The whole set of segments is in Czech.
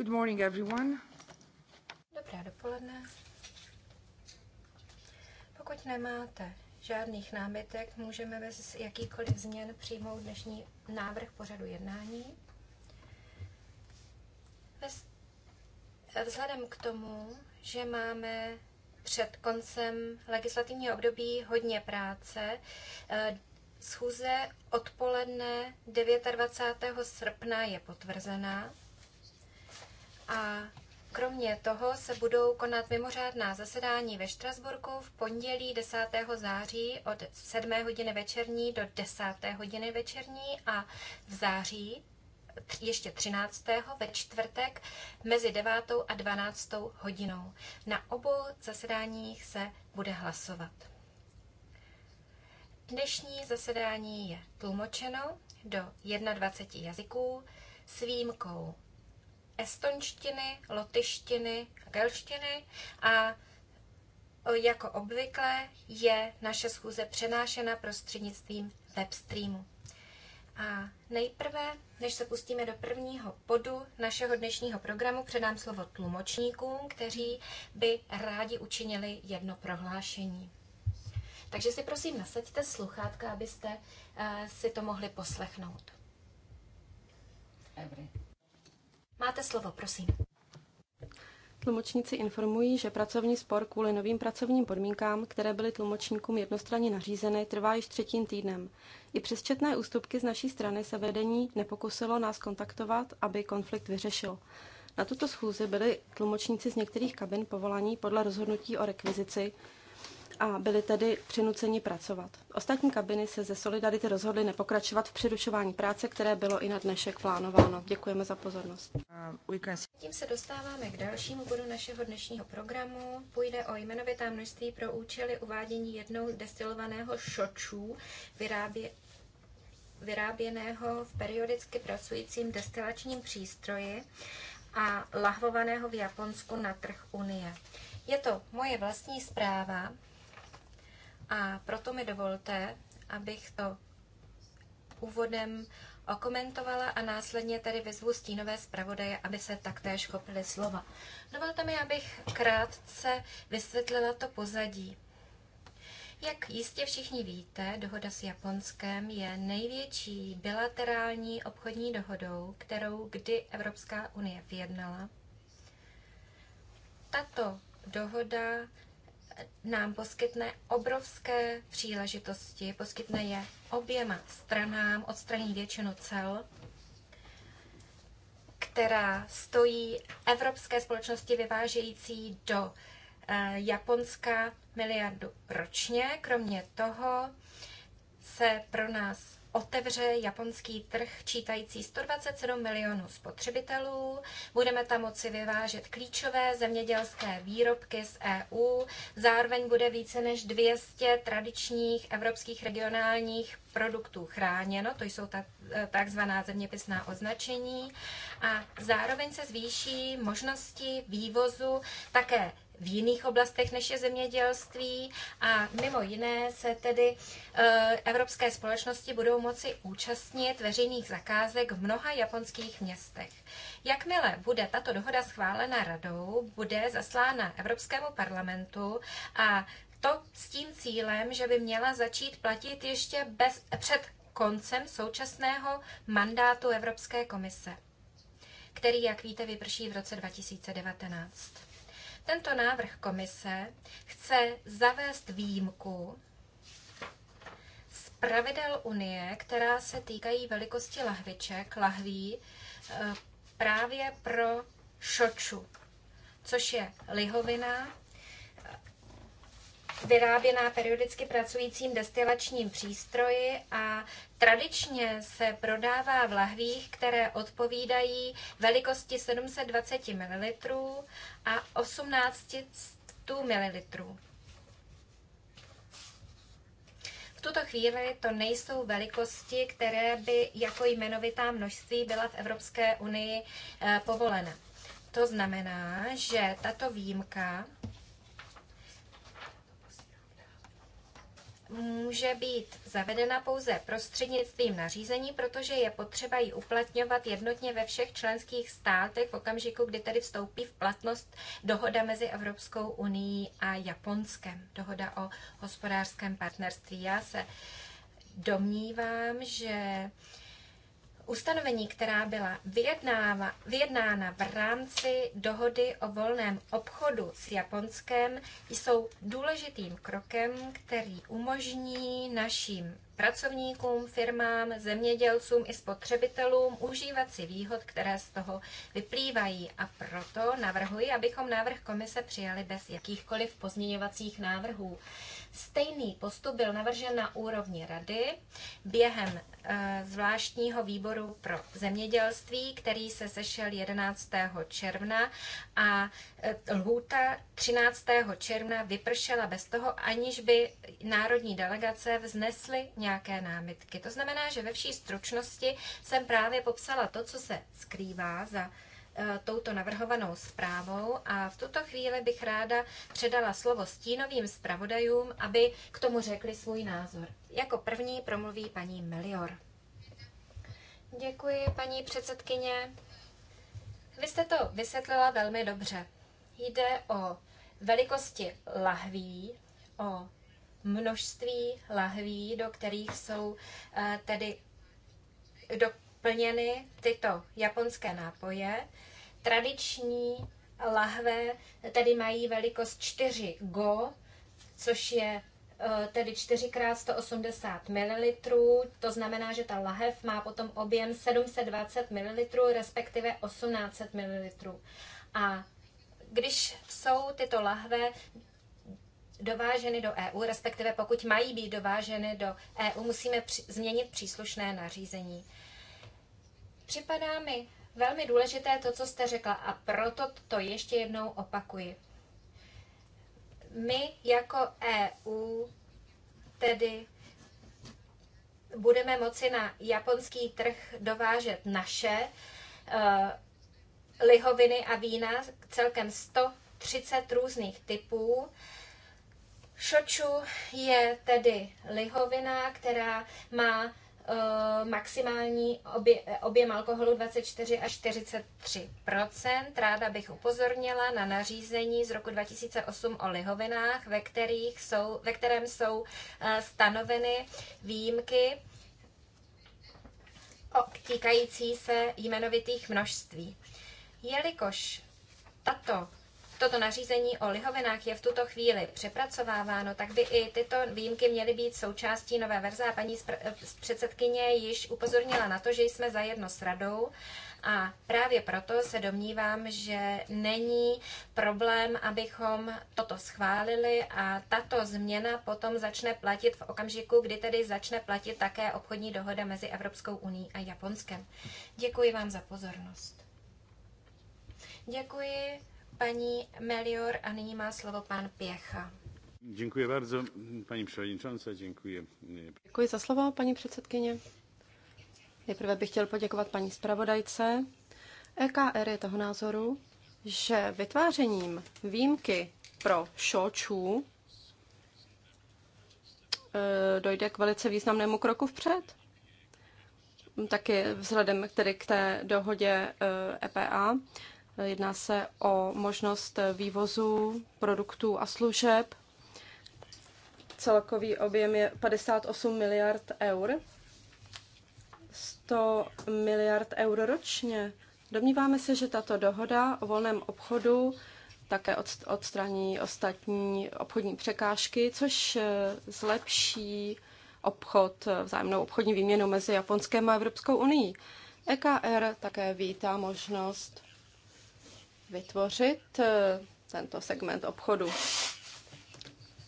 Good morning, everyone. Dobré dopoledne. Pokud nemáte žádných námitek, můžeme bez jakýkoliv změn přijmout dnešní návrh pořadu jednání. Vzhledem k tomu, že máme před koncem legislativního období hodně práce, eh, schůze odpoledne 29. srpna je potvrzená. A kromě toho se budou konat mimořádná zasedání ve Štrasburku v pondělí 10. září od 7. hodiny večerní do 10. hodiny večerní a v září ještě 13. ve čtvrtek mezi 9. a 12. hodinou. Na obou zasedáních se bude hlasovat. Dnešní zasedání je tlumočeno do 21 jazyků s výjimkou estonštiny, lotyštiny a gelštiny a jako obvykle je naše schůze přenášena prostřednictvím webstreamu. A nejprve, než se pustíme do prvního bodu našeho dnešního programu, předám slovo tlumočníkům, kteří by rádi učinili jedno prohlášení. Takže si prosím nasaďte sluchátka, abyste uh, si to mohli poslechnout. Every. Máte slovo, prosím. Tlumočníci informují, že pracovní spor kvůli novým pracovním podmínkám, které byly tlumočníkům jednostranně nařízeny, trvá již třetím týdnem. I přes četné ústupky z naší strany se vedení nepokusilo nás kontaktovat, aby konflikt vyřešil. Na tuto schůzi byli tlumočníci z některých kabin povolaní podle rozhodnutí o rekvizici, a byli tedy přinuceni pracovat. Ostatní kabiny se ze Solidarity rozhodly nepokračovat v přerušování práce, které bylo i na dnešek plánováno. Děkujeme za pozornost. Uh, Tím se dostáváme k dalšímu bodu našeho dnešního programu. Půjde o jmenovitá množství pro účely uvádění jednou destilovaného šočů vyrábě, vyráběného v periodicky pracujícím destilačním přístroji a lahvovaného v Japonsku na trh Unie. Je to moje vlastní zpráva, a proto mi dovolte, abych to úvodem okomentovala a následně tedy vyzvu stínové zpravodaje, aby se taktéž chopili slova. Dovolte mi, abych krátce vysvětlila to pozadí. Jak jistě všichni víte, dohoda s Japonskem je největší bilaterální obchodní dohodou, kterou kdy Evropská unie vyjednala. Tato dohoda nám poskytne obrovské příležitosti, poskytne je oběma stranám, odstraní většinu cel, která stojí evropské společnosti vyvážející do eh, Japonska miliardu ročně. Kromě toho se pro nás otevře japonský trh čítající 127 milionů spotřebitelů. Budeme tam moci vyvážet klíčové zemědělské výrobky z EU. Zároveň bude více než 200 tradičních evropských regionálních produktů chráněno, to jsou eh, takzvaná zeměpisná označení. A zároveň se zvýší možnosti vývozu také v jiných oblastech než je zemědělství a mimo jiné se tedy eh, evropské společnosti budou moci účastnit veřejných zakázek v mnoha japonských městech. Jakmile bude tato dohoda schválena radou, bude zaslána Evropskému parlamentu a to s tím cílem, že by měla začít platit ještě bez, před koncem současného mandátu Evropské komise, který, jak víte, vyprší v roce 2019. Tento návrh komise chce zavést výjimku z pravidel Unie, která se týkají velikosti lahviček, lahví, e, právě pro šoču, což je lihovina, vyráběná periodicky pracujícím destilačním přístroji a tradičně se prodává v lahvích, které odpovídají velikosti 720 ml a 1800 ml. V tuto chvíli to nejsou velikosti, které by jako jmenovitá množství byla v Evropské unii eh, povolena. To znamená, že tato výjimka může být zavedena pouze prostřednictvím nařízení, protože je potřeba ji uplatňovat jednotně ve všech členských státech v okamžiku, kdy tedy vstoupí v platnost dohoda mezi Evropskou unii a Japonskem, dohoda o hospodářském partnerství. Já se domnívám, že ustanovení, která byla vyjednána v rámci dohody o volném obchodu s Japonskem, jsou důležitým krokem, který umožní našim pracovníkům, firmám, zemědělcům i spotřebitelům užívat si výhod, které z toho vyplývají. A proto navrhuji, abychom návrh komise přijali bez jakýchkoliv pozměňovacích návrhů. Stejný postup byl navržen na úrovni rady během eh, zvláštního výboru pro zemědělství, který se sešel 11. června a eh, lhůta 13. června vypršela bez toho, aniž by národní delegace vznesly nějaké námitky. To znamená, že ve vší stručnosti jsem právě popsala to, co se skrývá za Eh, touto navrhovanou zprávou a v tuto chvíli bych ráda předala slovo stínovým zpravodajům, aby k tomu řekli svůj názor. Jako první promluví paní Melior. Děkuji, paní předsedkyně. Vy jste to vysvětlila velmi dobře. Jde o velikosti lahví, o množství lahví, do kterých jsou eh, tedy do plněny tyto japonské nápoje. Tradiční lahve tedy mají velikost 4 go, což je eh, tedy 4 x 180 ml, to znamená, že ta lahev má potom objem 720 ml, respektive 1800 ml. A když jsou tyto lahve dováženy do EU, respektive pokud mají být dováženy do EU, musíme při- změnit příslušné nařízení. Připadá mi velmi důležité to, co jste řekla a proto to ještě jednou opakuji. My jako EU tedy budeme moci na japonský trh dovážet naše uh, lihoviny a vína, celkem 130 různých typů. Šoču je tedy lihovina, která má Eh, maximální obě, objem alkoholu 24 až 43 Ráda bych upozornila na nařízení z roku 2008 o lihovinách, ve, kterých jsou, ve kterém jsou eh, stanoveny výjimky týkající se jmenovitých množství. Jelikož tato toto nařízení o lihovinách je v tuto chvíli přepracováváno, tak by i tyto výjimky měly být součástí nové verze. A paní eh, předsedkyně již upozornila na to, že jsme zajedno s radou. A právě proto se domnívám, že není problém, abychom toto schválili a tato změna potom začne platit v okamžiku, kdy tedy začne platit také obchodní dohoda mezi Evropskou uní a Japonskem. Děkuji vám za pozornost. Děkuji paní Melior a nyní má slovo pan Pěcha. Děkuji bardzo, paní předsedkyně. Děkuji. Děkuji za slovo, paní předsedkyně. Nejprve bych chtěl poděkovat paní zpravodajce. EKR je toho názoru, že vytvářením výjimky pro šočů e, dojde k velice významnému kroku vpřed. Taky vzhledem tedy k té dohodě EPA. E Jedná se o možnost vývozu produktů a služeb. Celkový objem je 58 miliard eur. 100 miliard eur ročně. Domníváme se, že tato dohoda o volném obchodu také odstraní ostatní obchodní překážky, což eh, zlepší obchod, vzájemnou obchodní výměnu mezi Japonskem a Evropskou unii. EKR také vítá možnost vytvořit eh, tento segment obchodu.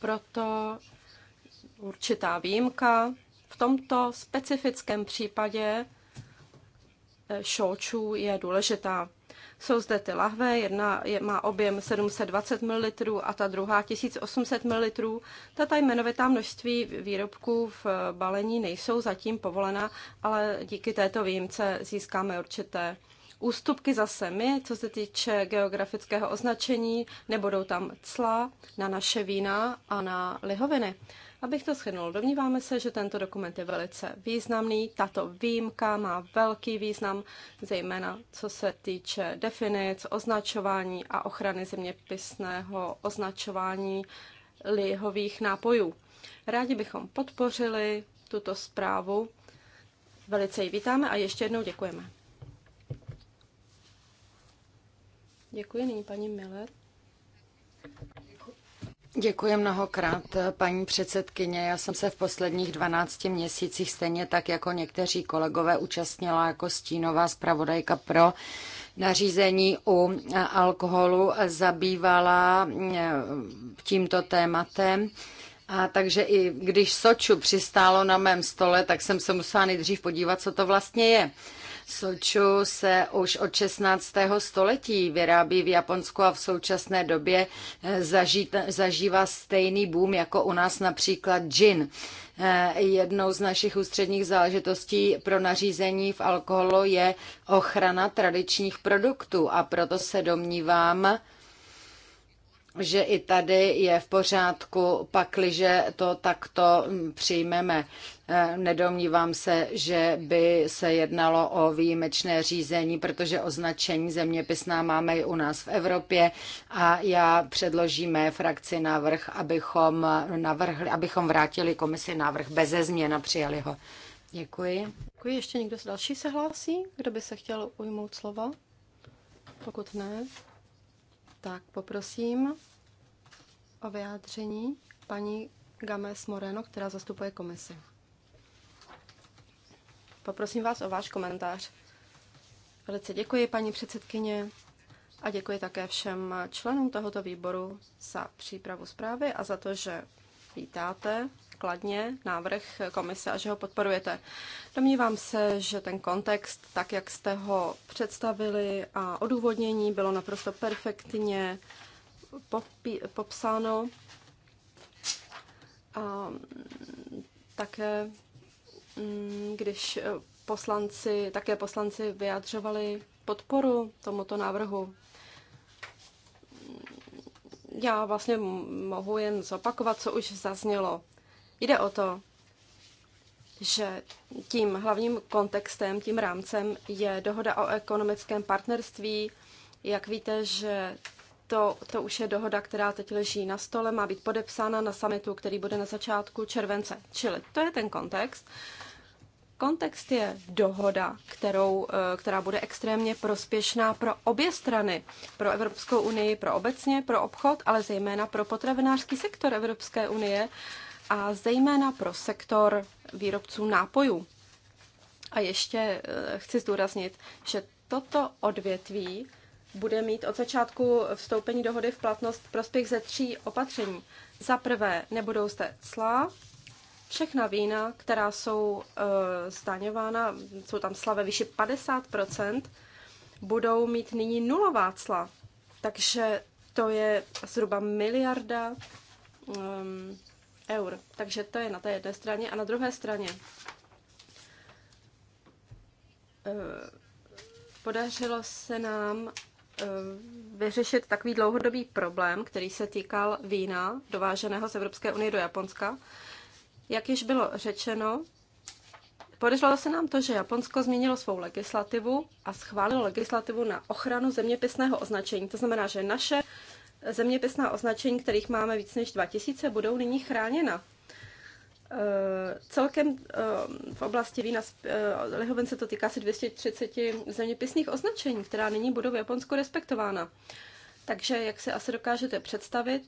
Proto určitá výjimka v tomto specifickém případě šoučů eh, je důležitá. Jsou zde ty lahve, jedna je, má objem 720 ml a ta druhá 1800 ml. Tato jmenovitá množství výrobků v eh, balení nejsou zatím povolena, ale díky této výjimce získáme určité ústupky zase my, co se týče geografického označení, nebudou tam cla na naše vína a na lihoviny. Abych to shrnul, domníváme se, že tento dokument je velice významný. Tato výjimka má velký význam, zejména co se týče definic, označování a ochrany zeměpisného označování lihových nápojů. Rádi bychom podpořili tuto zprávu. Velice ji vítáme a ještě jednou děkujeme. Děkuji, nyní paní Milet. Děkuji mnohokrát, paní předsedkyně. Já jsem se v posledních 12 měsících stejně tak jako někteří kolegové účastnila jako stínová zpravodajka pro nařízení u alkoholu zabývala eh, tímto tématem. A takže i když Soču přistálo na mém stole, tak jsem se musela nejdřív podívat, co to vlastně je. Soču se už od 16. století vyrábí v Japonsku a v současné době eh, zažít, zažívá stejný boom jako u nás například gin. Eh, jednou z našich ústředních záležitostí pro nařízení v alkoholu je ochrana tradičních produktů a proto se domnívám, že i tady je v pořádku, pakliže to takto přijmeme. E, nedomnívám se, že by se jednalo o výjimečné řízení, protože označení zeměpisná máme i u nás v Evropě a já předložíme frakci návrh, abychom, navrhli, abychom vrátili komisi návrh beze změn a přijali ho. Děkuji. Děkuji. Ještě někdo další se hlásí? Kdo by se chtěl ujmout slova? Pokud ne, tak poprosím o vyjádření paní Games Moreno, která zastupuje komisi. Poprosím vás o váš komentář. Velice děkuji, paní předsedkyně, a děkuji také všem členům tohoto výboru za přípravu zprávy a za to, že vítáte kladně návrh komise a že ho podporujete. Domnívám se, že ten kontext, tak jak jste ho představili a odůvodnění, bylo naprosto perfektně popsáno. A také, mm, když poslanci, také poslanci vyjadřovali podporu tomuto návrhu. Já vlastně mohu jen zopakovat, co už zaznělo. Jde o to, že tím hlavním kontextem, tím rámcem je dohoda o ekonomickém partnerství. Jak víte, že to, to už je dohoda, která teď leží na stole, má být podepsána na summitu, který bude na začátku července. Čili to je ten kontext. Kontext je dohoda, kterou, eh, která bude extrémně prospěšná pro obě strany, pro Evropskou unii, pro obecně, pro obchod, ale zejména pro potravinářský sektor Evropské unie, a zejména pro sektor výrobců nápojů. A ještě eh, chci zdůraznit, že toto odvětví bude mít od začátku vstoupení dohody v platnost prospěch ze tří opatření. Za prvé, nebudou zde clá, všechna vína, která jsou e, zdaňována, jsou tam cla ve výši 50%, budou mít nyní nulová cla. Takže to je zhruba miliarda ehm, eur. Takže to je na té jedné straně. A na druhé straně eh, podařilo se nám eh, vyřešit takový dlouhodobý problém, který se týkal vína dováženého z Evropské unie do Japonska. Jak již bylo řečeno, podařilo se nám to, že Japonsko změnilo svou legislativu a schválilo legislativu na ochranu zeměpisného označení. To znamená, že naše zeměpisná označení, kterých máme víc než 2000, budou nyní chráněna. Eh, celkem eh, v oblasti vína eh, Lehoven se to týká asi 230 zeměpisných označení, která nyní budou v Japonsku respektována. Takže, jak si asi dokážete představit,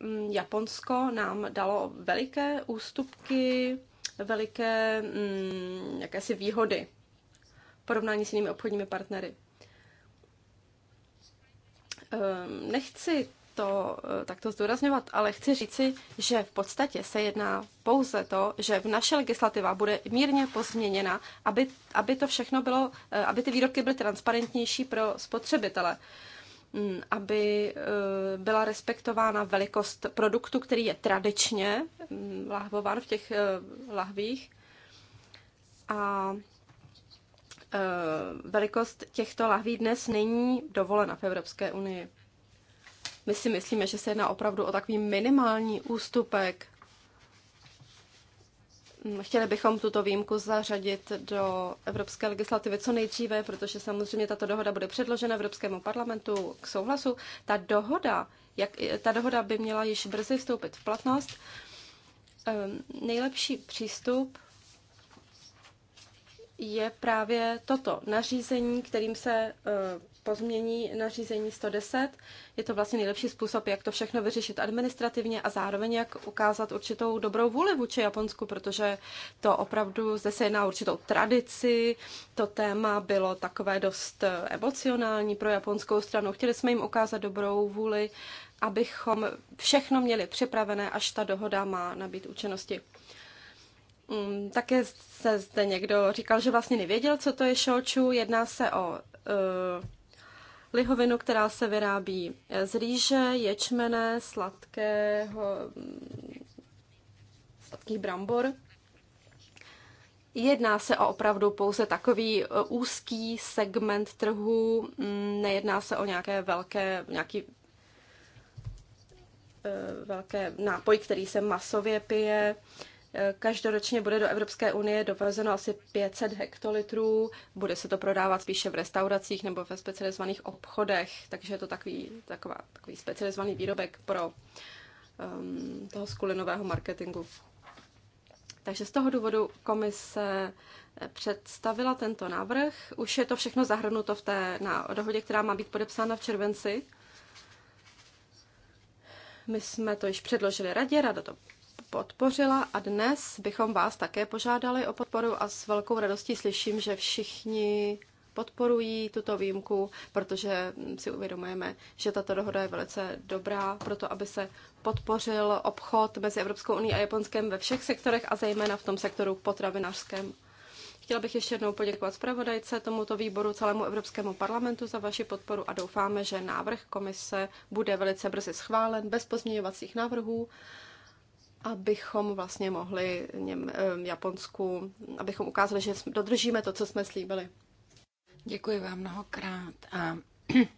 mm, Japonsko nám dalo veliké ústupky, veliké mm, jakési výhody v porovnání s jinými obchodními partnery. Ehm, nechci to eh, takto zdůrazňovat, ale chci říci, že v podstatě se jedná pouze to, že v naše legislativa bude mírně pozměněna, aby, aby to všechno bylo, eh, aby ty výrobky byly transparentnější pro spotřebitele, mm, aby eh, byla respektována velikost produktu, který je tradičně mm, lahvován v těch lahvích a Eh, velikost těchto lahví dnes není dovolena v Evropské unii. My si myslíme, že se jedná opravdu o takový minimální ústupek. Chtěli bychom tuto výjimku zařadit do evropské legislativy co nejdříve, protože samozřejmě tato dohoda bude předložena Evropskému parlamentu k souhlasu. Ta dohoda, jak, ta dohoda by měla již brzy vstoupit v platnost. Ehm, nejlepší přístup je právě toto nařízení, kterým se e, pozmění nařízení 110. Je to vlastně nejlepší způsob, jak to všechno vyřešit administrativně a zároveň jak ukázat určitou dobrou vůli vůči Japonsku, protože to opravdu zde se jedná určitou tradici. To téma bylo takové dost e, emocionální pro japonskou stranu. Chtěli jsme jim ukázat dobrou vůli, abychom všechno měli připravené, až ta dohoda má nabít účinnosti. Mm, také se zde někdo říkal, že vlastně nevěděl, co to je šoču. Jedná se o uh, lihovinu, která se vyrábí eh, z rýže, ječmene, sladkého, mm, sladkých brambor. Jedná se o opravdu pouze takový eh, úzký segment trhu, mm, nejedná se o nějaké velké, nějaký velké nápoj, který se masově pije. Každoročně bude do Evropské unie dovezeno asi 500 hektolitrů, bude se to prodávat spíše v restauracích nebo ve specializovaných obchodech, takže je to takový, taková, takový specializovaný výrobek pro um, toho skulinového marketingu. Takže z toho důvodu komise představila tento návrh. Už je to všechno zahrnuto v té na dohodě, která má být podepsána v červenci. My jsme to již předložili radě, rada to podpořila a dnes bychom vás také požádali o podporu a s velkou radostí slyším, že všichni podporují tuto výjimku, protože si uvědomujeme, že tato dohoda je velice dobrá pro to, aby se podpořil obchod mezi Evropskou unii a Japonskem ve všech sektorech a zejména v tom sektoru potravinářském. Chtěla bych ještě jednou poděkovat zpravodajce, tomuto výboru, celému Evropskému parlamentu za vaši podporu a doufáme, že návrh komise bude velice brzy schválen bez pozměňovacích návrhů abychom vlastně mohli Něm, Japonsku, abychom ukázali, že dodržíme to, co jsme slíbili. Děkuji vám mnohokrát. A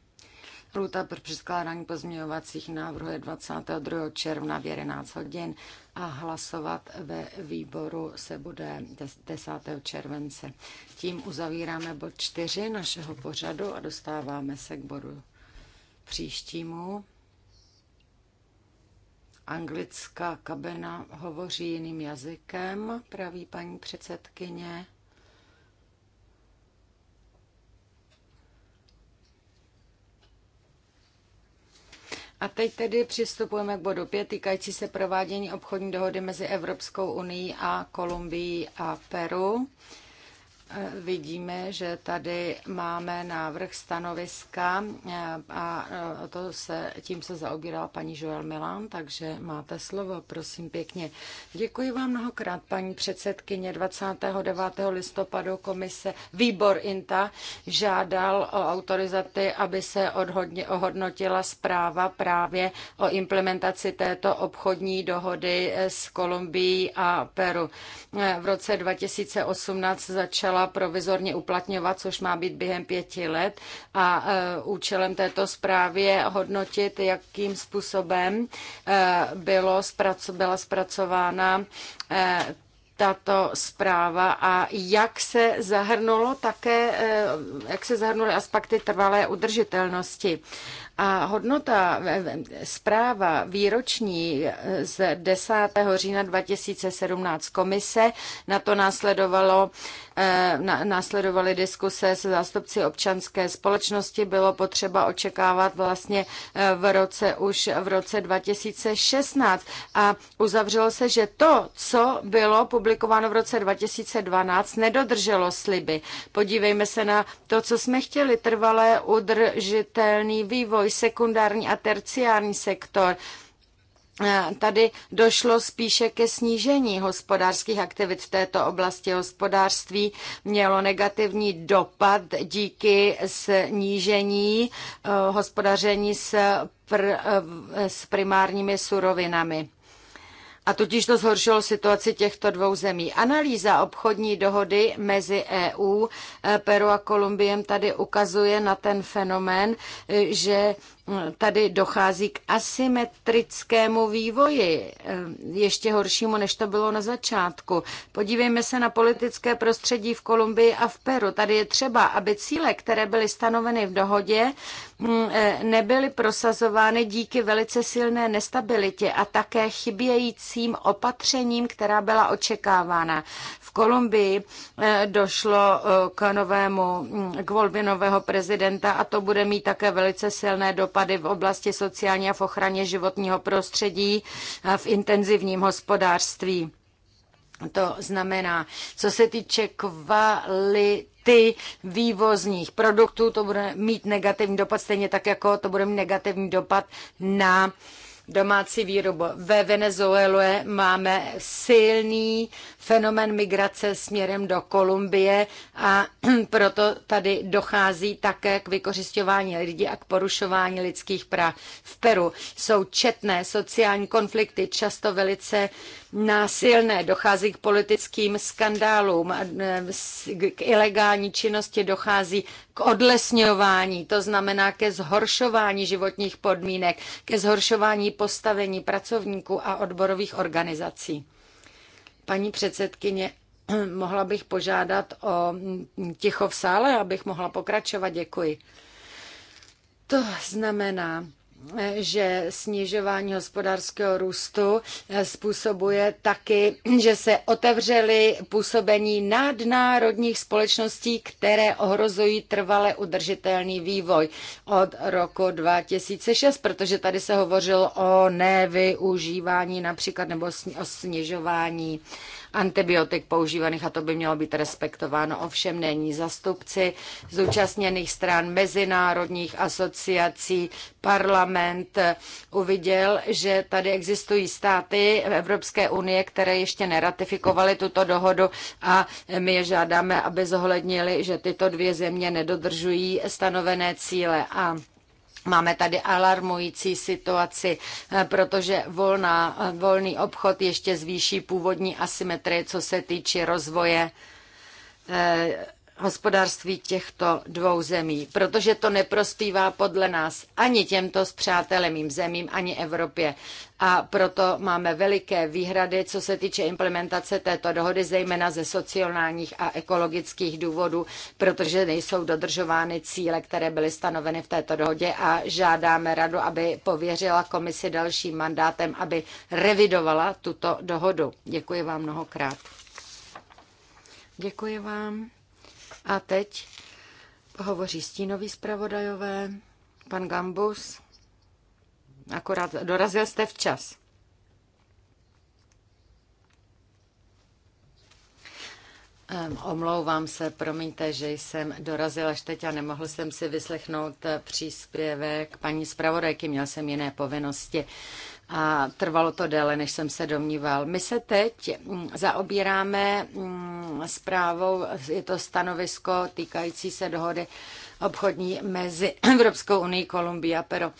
Lhuta pro předkládání pozměňovacích návrhů je 22. června v 11 hodin a hlasovat ve výboru se bude 10. července. Tím uzavíráme bod 4 našeho pořadu a dostáváme se k bodu příštímu. Anglická kabina hovoří jiným jazykem, praví paní předsedkyně. A teď tedy přistupujeme k bodu 5 týkající se provádění obchodní dohody mezi Evropskou unii a Kolumbií a Peru. Vidíme, že tady máme návrh stanoviska eh, a eh, to se, tím se zaobírala paní Joel Milan, takže máte slovo, prosím pěkně. Děkuji vám mnohokrát, paní předsedkyně. 29. listopadu komise Výbor INTA žádal o autorizaci, aby se odhodně, ohodnotila zpráva právě o implementaci této obchodní dohody eh, s Kolumbií a Peru. V roce 2018 začala měla provizorně uplatňovat, což má být během pěti let. A e, účelem této zprávy je hodnotit, jakým způsobem e, bylo, byla zpracována e, tato zpráva a jak se zahrnulo také, jak se zahrnuly aspekty trvalé udržitelnosti. A hodnota eh, eh, zpráva výroční eh, z 10. října 2017 komise, na to následovalo, následovaly diskuse se zástupci občanské společnosti, bylo potřeba očekávat vlastně v roce už v roce 2016 a uzavřelo se, že to, co bylo publikováno v roce 2012, nedodrželo sliby. Podívejme se na to, co jsme chtěli, trvalé udržitelný vývoj dvoj, sekundární a terciární sektor. Tady došlo spíše ke snížení hospodářských aktivit v této oblasti. Hospodářství mělo negativní dopad díky snížení eh, hospodaření s, pr, eh, s primárními surovinami a totiž to zhoršilo situaci těchto dvou zemí. Analýza obchodní dohody mezi EU, eh, Peru a Kolumbiem tady ukazuje na ten fenomén, eh, že tady dochází k asymetrickému vývoji, eh, ještě horšímu, než to bylo na začátku. Podívejme se na politické prostředí v Kolumbii a v Peru. Tady je třeba, aby cíle, které byly stanoveny v dohodě, mm, eh, nebyly prosazovány díky velice silné nestabilitě a také chybějícím opatřením, která byla očekávána. V Kolumbii eh, došlo k novému, mm, k volbě nového prezidenta a to bude mít také velice silné dopady dopady v oblasti sociální a v ochraně životního prostředí v intenzivním hospodářství. To znamená, co se týče kvality, ty vývozních produktů, to bude mít negativní dopad, stejně tak jako to bude mít negativní dopad na uh, domácí výrobu. Ve Venezuele máme silný fenomen migrace směrem do Kolumbie a proto tady dochází také k vykořišťování lidí a k porušování lidských práv. V Peru jsou četné sociální konflikty, často velice násilné, dochází k politickým skandálům, e, k ilegální činnosti dochází k odlesňování, to znamená ke zhoršování životních podmínek, ke zhoršování postavení pracovníků a odborových organizací. Paní předsedkyně, mohla bych požádat o ticho v sále, abych mohla pokračovat. Děkuji. To znamená, že snižování hospodářského růstu eh, způsobuje taky, že se otevřely působení nadnárodních společností, které ohrozují trvale udržitelný vývoj od roku 2006, protože tady se hovořilo o nevyužívání například nebo o snižování antibiotik používaných a to by mělo být respektováno. Ovšem není zastupci zúčastněných stran mezinárodních asociací, parlament uviděl, že tady existují státy Evropské unie, které ještě neratifikovaly tuto dohodu a my je žádáme, aby zohlednili, že tyto dvě země nedodržují stanovené cíle. A Máme tady alarmující situaci, eh, protože volná, eh, volný obchod ještě zvýší původní asymetrie, co se týče rozvoje eh, hospodářství těchto dvou zemí, protože to neprospívá podle nás ani těmto zpřáteleným zemím, ani Evropě. A proto máme veliké výhrady, co se týče implementace této dohody, zejména ze sociálních a ekologických důvodů, protože nejsou dodržovány cíle, které byly stanoveny v této dohodě a žádáme radu, aby pověřila komisi dalším mandátem, aby revidovala tuto dohodu. Děkuji vám mnohokrát. Děkuji vám. A teď hovoří stínový zpravodajové, pan Gambus. Akorát dorazil jste včas. Omlouvám se, promiňte, že jsem dorazila až teď a nemohl jsem si vyslechnout příspěvek paní zpravodajky, měl jsem jiné povinnosti a trvalo to déle, než jsem se domníval. My se teď mm, zaobíráme mm, zprávou, je to stanovisko týkající se dohody obchodní mezi Evropskou unii Kolumbia Peru.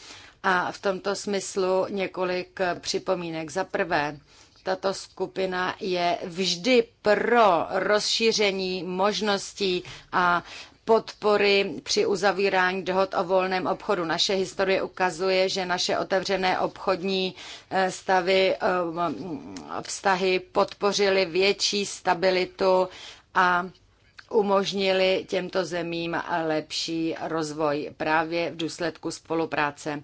A v tomto smyslu několik připomínek. Za prvé, tato skupina je vždy pro rozšíření možností a podpory při uzavírání dohod o volném obchodu. Naše historie ukazuje, že naše otevřené obchodní eh, stavy, eh, vztahy podpořily větší stabilitu a umožnili těmto zemím lepší rozvoj právě v důsledku spolupráce.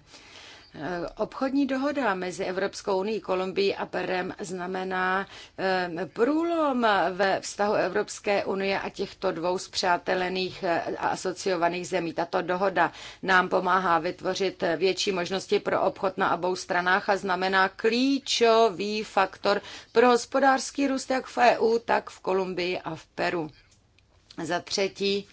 Eh, obchodní dohoda mezi Evropskou unii, Kolumbií a Perem znamená eh, průlom ve vztahu Evropské unie a těchto dvou zpřátelených eh, a asociovaných zemí. Tato dohoda nám pomáhá vytvořit větší možnosti pro obchod na obou stranách a znamená klíčový faktor pro hospodářský růst jak v EU, tak v Kolumbii a v Peru. Za třetí,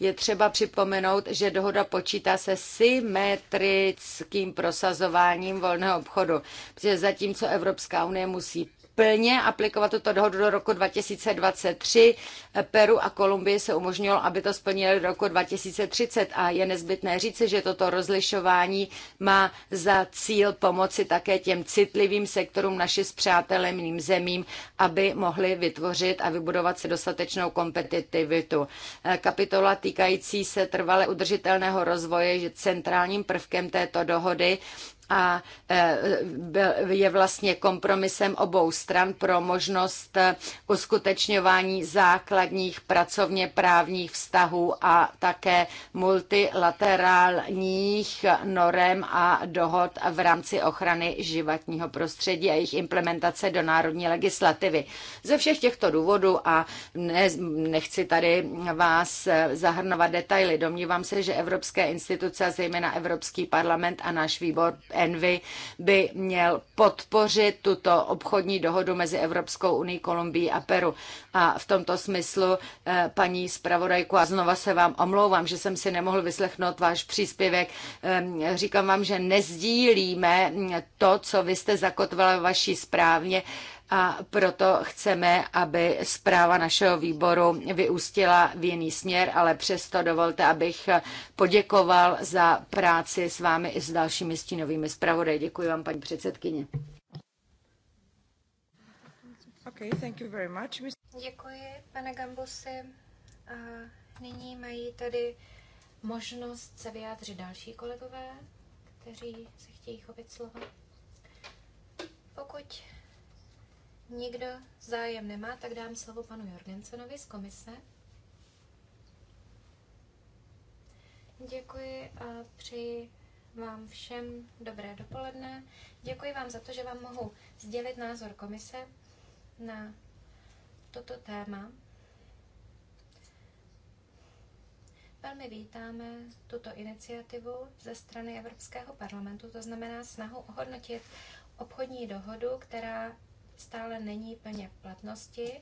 je třeba připomenout, že dohoda počítá se symetrickým prosazováním volného obchodu, protože zatímco Evropská unie musí plně aplikovat tuto dohodu do roku 2023. Peru a Kolumbii se umožnilo, aby to splnili do roku 2030 a je nezbytné říci, že toto rozlišování má za cíl pomoci také těm citlivým sektorům naši spřáteleným zemím, aby mohli vytvořit a vybudovat si dostatečnou kompetitivitu. Kapitola týkající se trvale udržitelného rozvoje je centrálním prvkem této dohody a e, je vlastně kompromisem obou stran pro možnost e, uskutečňování základních pracovně právních vztahů a také multilaterálních norem a dohod v rámci ochrany životního prostředí a jejich implementace do národní legislativy. Ze všech těchto důvodů a ne, nechci tady vás e, zahrnovat detaily, domnívám se, že evropské instituce, zejména Evropský parlament a náš výbor Envy by měl podpořit tuto obchodní dohodu mezi Evropskou unii, Kolumbií a Peru. A v tomto smyslu, eh, paní zpravodajku, a znova se vám omlouvám, že jsem si nemohl vyslechnout váš příspěvek, ehm, říkám vám, že nezdílíme to, co vy jste zakotvila vaší správně, a proto chceme, aby zpráva našeho výboru vyústila v jiný směr, ale přesto dovolte, abych poděkoval za práci s vámi i s dalšími stínovými zpravodaji. Děkuji vám, paní předsedkyně. Okay, thank you very much. Děkuji, pane Gambusi. A nyní mají tady možnost se vyjádřit další kolegové, kteří se chtějí chopit slova. Pokud nikdo zájem nemá, tak dám slovo panu Jorgensenovi z komise. Děkuji a přeji vám všem dobré dopoledne. Děkuji vám za to, že vám mohu sdělit názor komise na toto téma. Velmi vítáme tuto iniciativu ze strany Evropského parlamentu, to znamená snahu ohodnotit obchodní dohodu, která stále není plně v platnosti.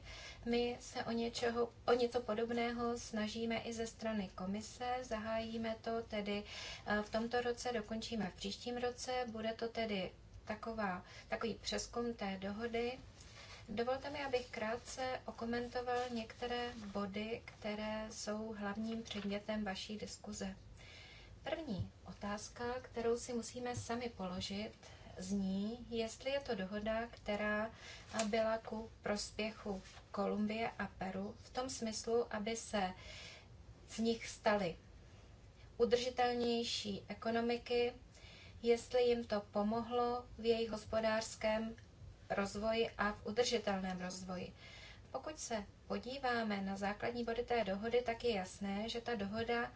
My se o, něčeho, o něco podobného snažíme i ze strany komise. Zahájíme to tedy eh, v tomto roce, dokončíme v příštím roce. Bude to tedy taková, takový přeskum té dohody. Dovolte mi, abych krátce okomentoval některé body, které jsou hlavním předmětem vaší diskuze. První otázka, kterou si musíme sami položit, zní, jestli je to dohoda, která byla ku prospěchu Kolumbie a Peru v tom smyslu, aby se z nich staly udržitelnější ekonomiky, jestli jim to pomohlo v jejich hospodářském rozvoji a v udržitelném rozvoji. Pokud se podíváme na základní body té dohody, tak je jasné, že ta dohoda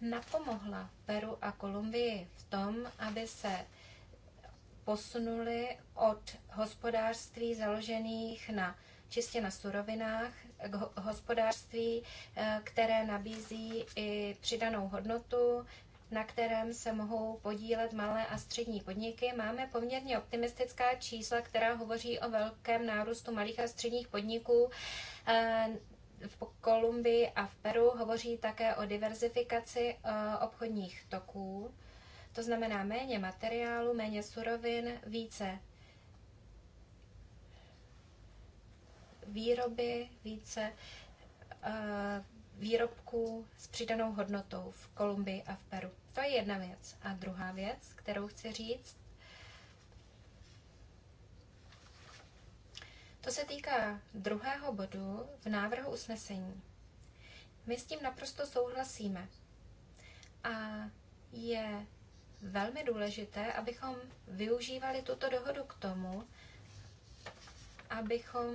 napomohla Peru a Kolumbii v tom, aby se posunuli od hospodářství založených na čistě na surovinách k hospodářství, eh, které nabízí i přidanou hodnotu, na kterém se mohou podílet malé a střední podniky. Máme poměrně optimistická čísla, která hovoří o velkém nárůstu malých a středních podniků eh, v Kolumbii a v Peru. Hovoří také o diverzifikaci eh, obchodních toků. To znamená méně materiálu, méně surovin, více výroby, více eh, výrobků s přidanou hodnotou v Kolumbii a v Peru. To je jedna věc. A druhá věc, kterou chci říct, to se týká druhého bodu v návrhu usnesení. My s tím naprosto souhlasíme. A je velmi důležité, abychom využívali tuto dohodu k tomu, abychom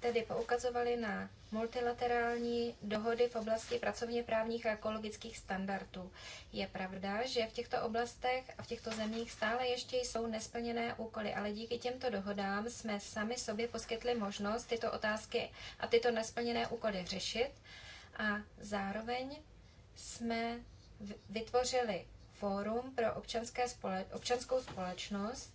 tedy poukazovali na multilaterální dohody v oblasti pracovně právních a ekologických standardů. Je pravda, že v těchto oblastech a v těchto zemích stále ještě jsou nesplněné úkoly, ale díky těmto dohodám jsme sami sobě poskytli možnost tyto otázky a tyto nesplněné úkoly řešit a zároveň jsme vytvořili Fórum pro občanské spole- občanskou společnost.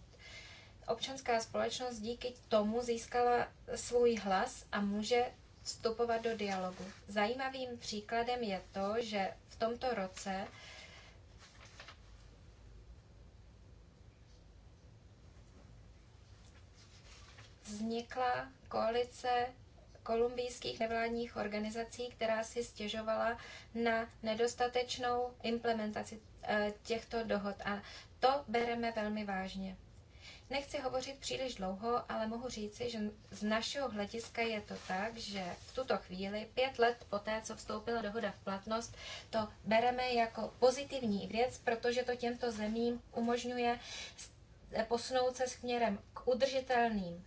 Občanská společnost díky tomu získala svůj hlas a může vstupovat do dialogu. Zajímavým příkladem je to, že v tomto roce vznikla koalice kolumbijských nevládních organizací, která si stěžovala na nedostatečnou implementaci eh, těchto dohod. A to bereme velmi vážně. Nechci hovořit příliš dlouho, ale mohu říci, že z našeho hlediska je to tak, že v tuto chvíli, pět let poté, co vstoupila dohoda v platnost, to bereme jako pozitivní věc, protože to těmto zemím umožňuje posunout se směrem k udržitelným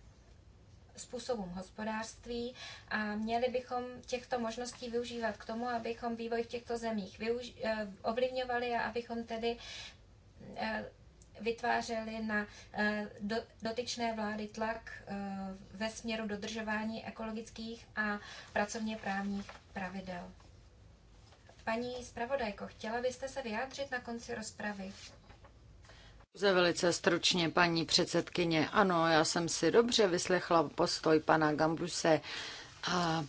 způsobům hospodářství a měli bychom těchto možností využívat k tomu, abychom vývoj v těchto zemích eh, ovlivňovali a abychom tedy eh, vytvářeli na eh, dotyčné vlády tlak ve směru dodržování ekologických a pracovně právních pravidel. Paní zpravodajko, chtěla byste se vyjádřit na konci rozpravy? Za velice stručně, paní předsedkyně. Ano, já jsem si dobře vyslechla postoj pana Gambuse a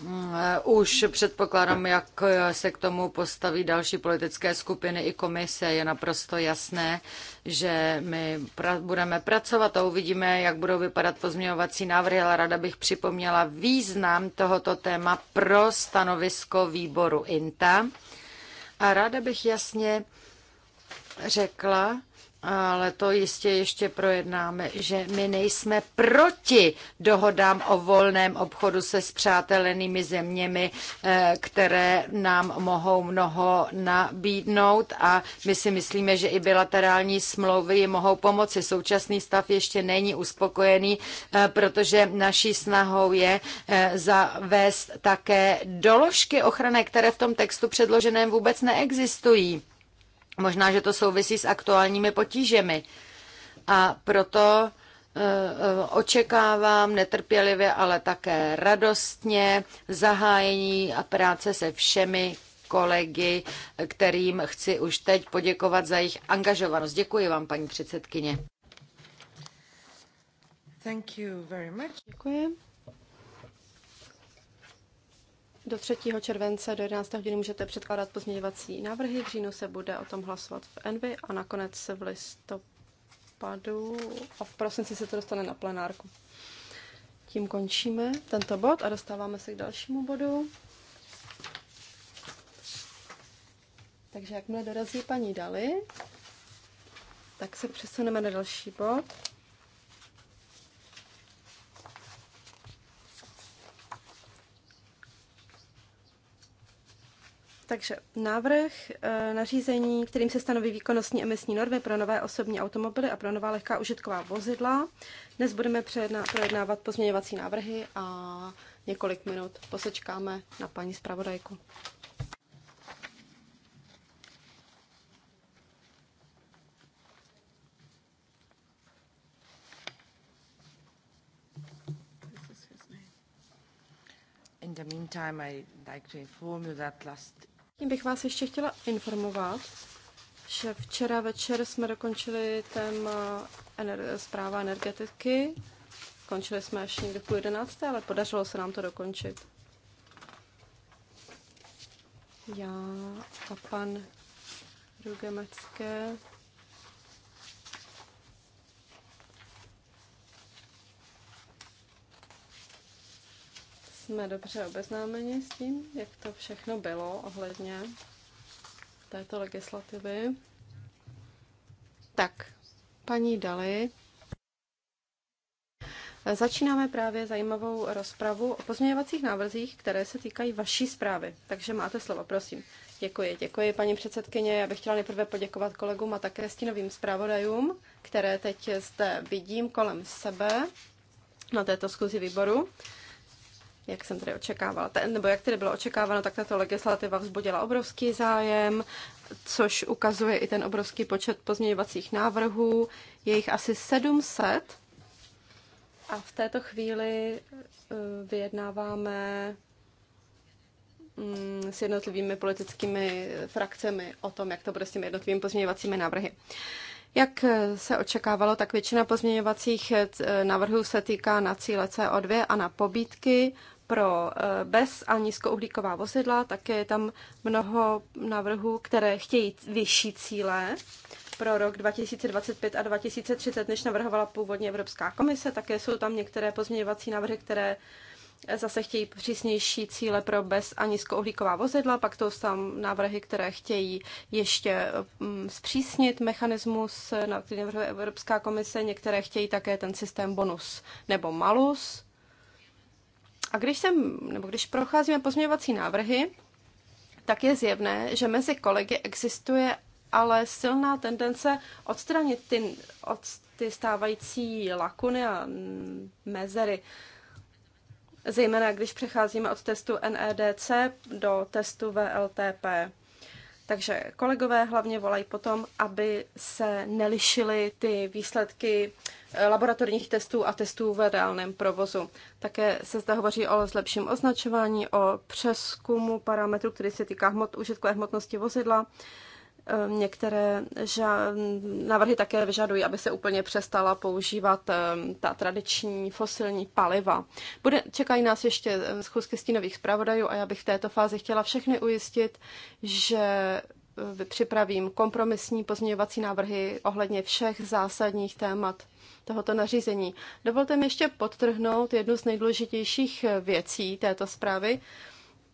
mm, už předpokládám, jak se k tomu postaví další politické skupiny i komise. Je naprosto jasné, že my pra- budeme pracovat a uvidíme, jak budou vypadat pozměňovací návrhy, ale rada bych připomněla význam tohoto téma pro stanovisko výboru INTA. A ráda bych jasně řekla, ale to jistě ještě projednáme, že my nejsme proti dohodám o volném obchodu se spřátelenými zeměmi, eh, které nám mohou mnoho nabídnout a my si myslíme, že i bilaterální smlouvy mohou pomoci. Současný stav ještě není uspokojený, eh, protože naší snahou je eh, zavést také doložky ochrany, které v tom textu předloženém vůbec neexistují Možná, že to souvisí s aktuálními potížemi. A proto eh, eh, očekávám netrpělivě, ale také radostně zahájení a práce se všemi kolegy, kterým chci už teď poděkovat za jejich angažovanost. Děkuji vám, paní předsedkyně. Thank you very much. Děkuji. Do 3. července do 11. hodiny můžete předkládat pozměňovací návrhy. V říjnu se bude o tom hlasovat v Envy a nakonec se v listopadu a v prosinci se to dostane na plenárku. Tím končíme tento bod a dostáváme se k dalšímu bodu. Takže jakmile dorazí paní Dali, tak se přesuneme na další bod. Takže návrh eh, nařízení, kterým se stanoví výkonnostní emisní normy pro nové osobní automobily a pro nová lehká užitková vozidla. Dnes budeme projednávat pozměňovací návrhy a několik minut posečkáme na paní zpravodajku. In the meantime, I'd like to inform you that last tím bych vás ještě chtěla informovat, že včera večer jsme dokončili téma ener- zpráva energetiky. Končili jsme až někde půl jedenácté, ale podařilo se nám to dokončit. Já a pan Rugemecké jsme dobře obeznámeni s tím, jak to všechno bylo ohledně této legislativy. Tak, paní Dali, Začínáme právě zajímavou rozpravu o pozměňovacích návrzích, které se týkají vaší zprávy. Takže máte slovo, prosím. Děkuji, děkuji, paní předsedkyně. Já bych chtěla nejprve poděkovat kolegům a také stínovým zpravodajům, které teď zde vidím kolem sebe na této schůzi výboru jak jsem tedy očekávala, ten, nebo jak tedy bylo očekáváno, tak tato legislativa vzbudila obrovský zájem, což ukazuje i ten obrovský počet pozměňovacích návrhů. Je jich asi 700 a v této chvíli eh, vyjednáváme mm, s jednotlivými politickými frakcemi o tom, jak to bude s těmi jednotlivými pozměňovacími návrhy. Jak eh, se očekávalo, tak většina pozměňovacích eh, návrhů se týká na cíle CO2 a na pobídky pro eh, bez a nízkouhlíková vozidla, také je tam mnoho návrhů, které chtějí vyšší cíle pro rok 2025 a 2030, než navrhovala původně Evropská komise. Také jsou tam některé pozměňovací návrhy, které zase chtějí přísnější cíle pro bez a nízkouhlíková vozidla, pak to jsou tam návrhy, které chtějí ještě mm, zpřísnit mechanismus, na který navrhuje Evropská komise, některé chtějí také ten systém bonus nebo malus. A když jsem, nebo když procházíme pozměňovací návrhy, tak je zjevné, že mezi kolegy existuje ale silná tendence odstranit ty, od, ty stávající lakuny a mezery. Zejména když přecházíme od testu NEDC do testu VLTP. Takže kolegové hlavně volají potom, aby se nelišily ty výsledky laboratorních testů a testů v reálném provozu. Také se zde hovoří o zlepším označování, o přeskumu parametrů, který se týká hmot, užitkové hmotnosti vozidla. Ehm, některé návrhy také vyžadují, aby se úplně přestala používat ehm, ta tradiční fosilní paliva. Bude, čekají nás ještě ehm, schůzky stínových zpravodajů a já bych v této fázi chtěla všechny ujistit, že připravím kompromisní pozměňovací návrhy ohledně všech zásadních témat tohoto nařízení. Dovolte mi ještě podtrhnout jednu z nejdůležitějších eh, věcí této zprávy.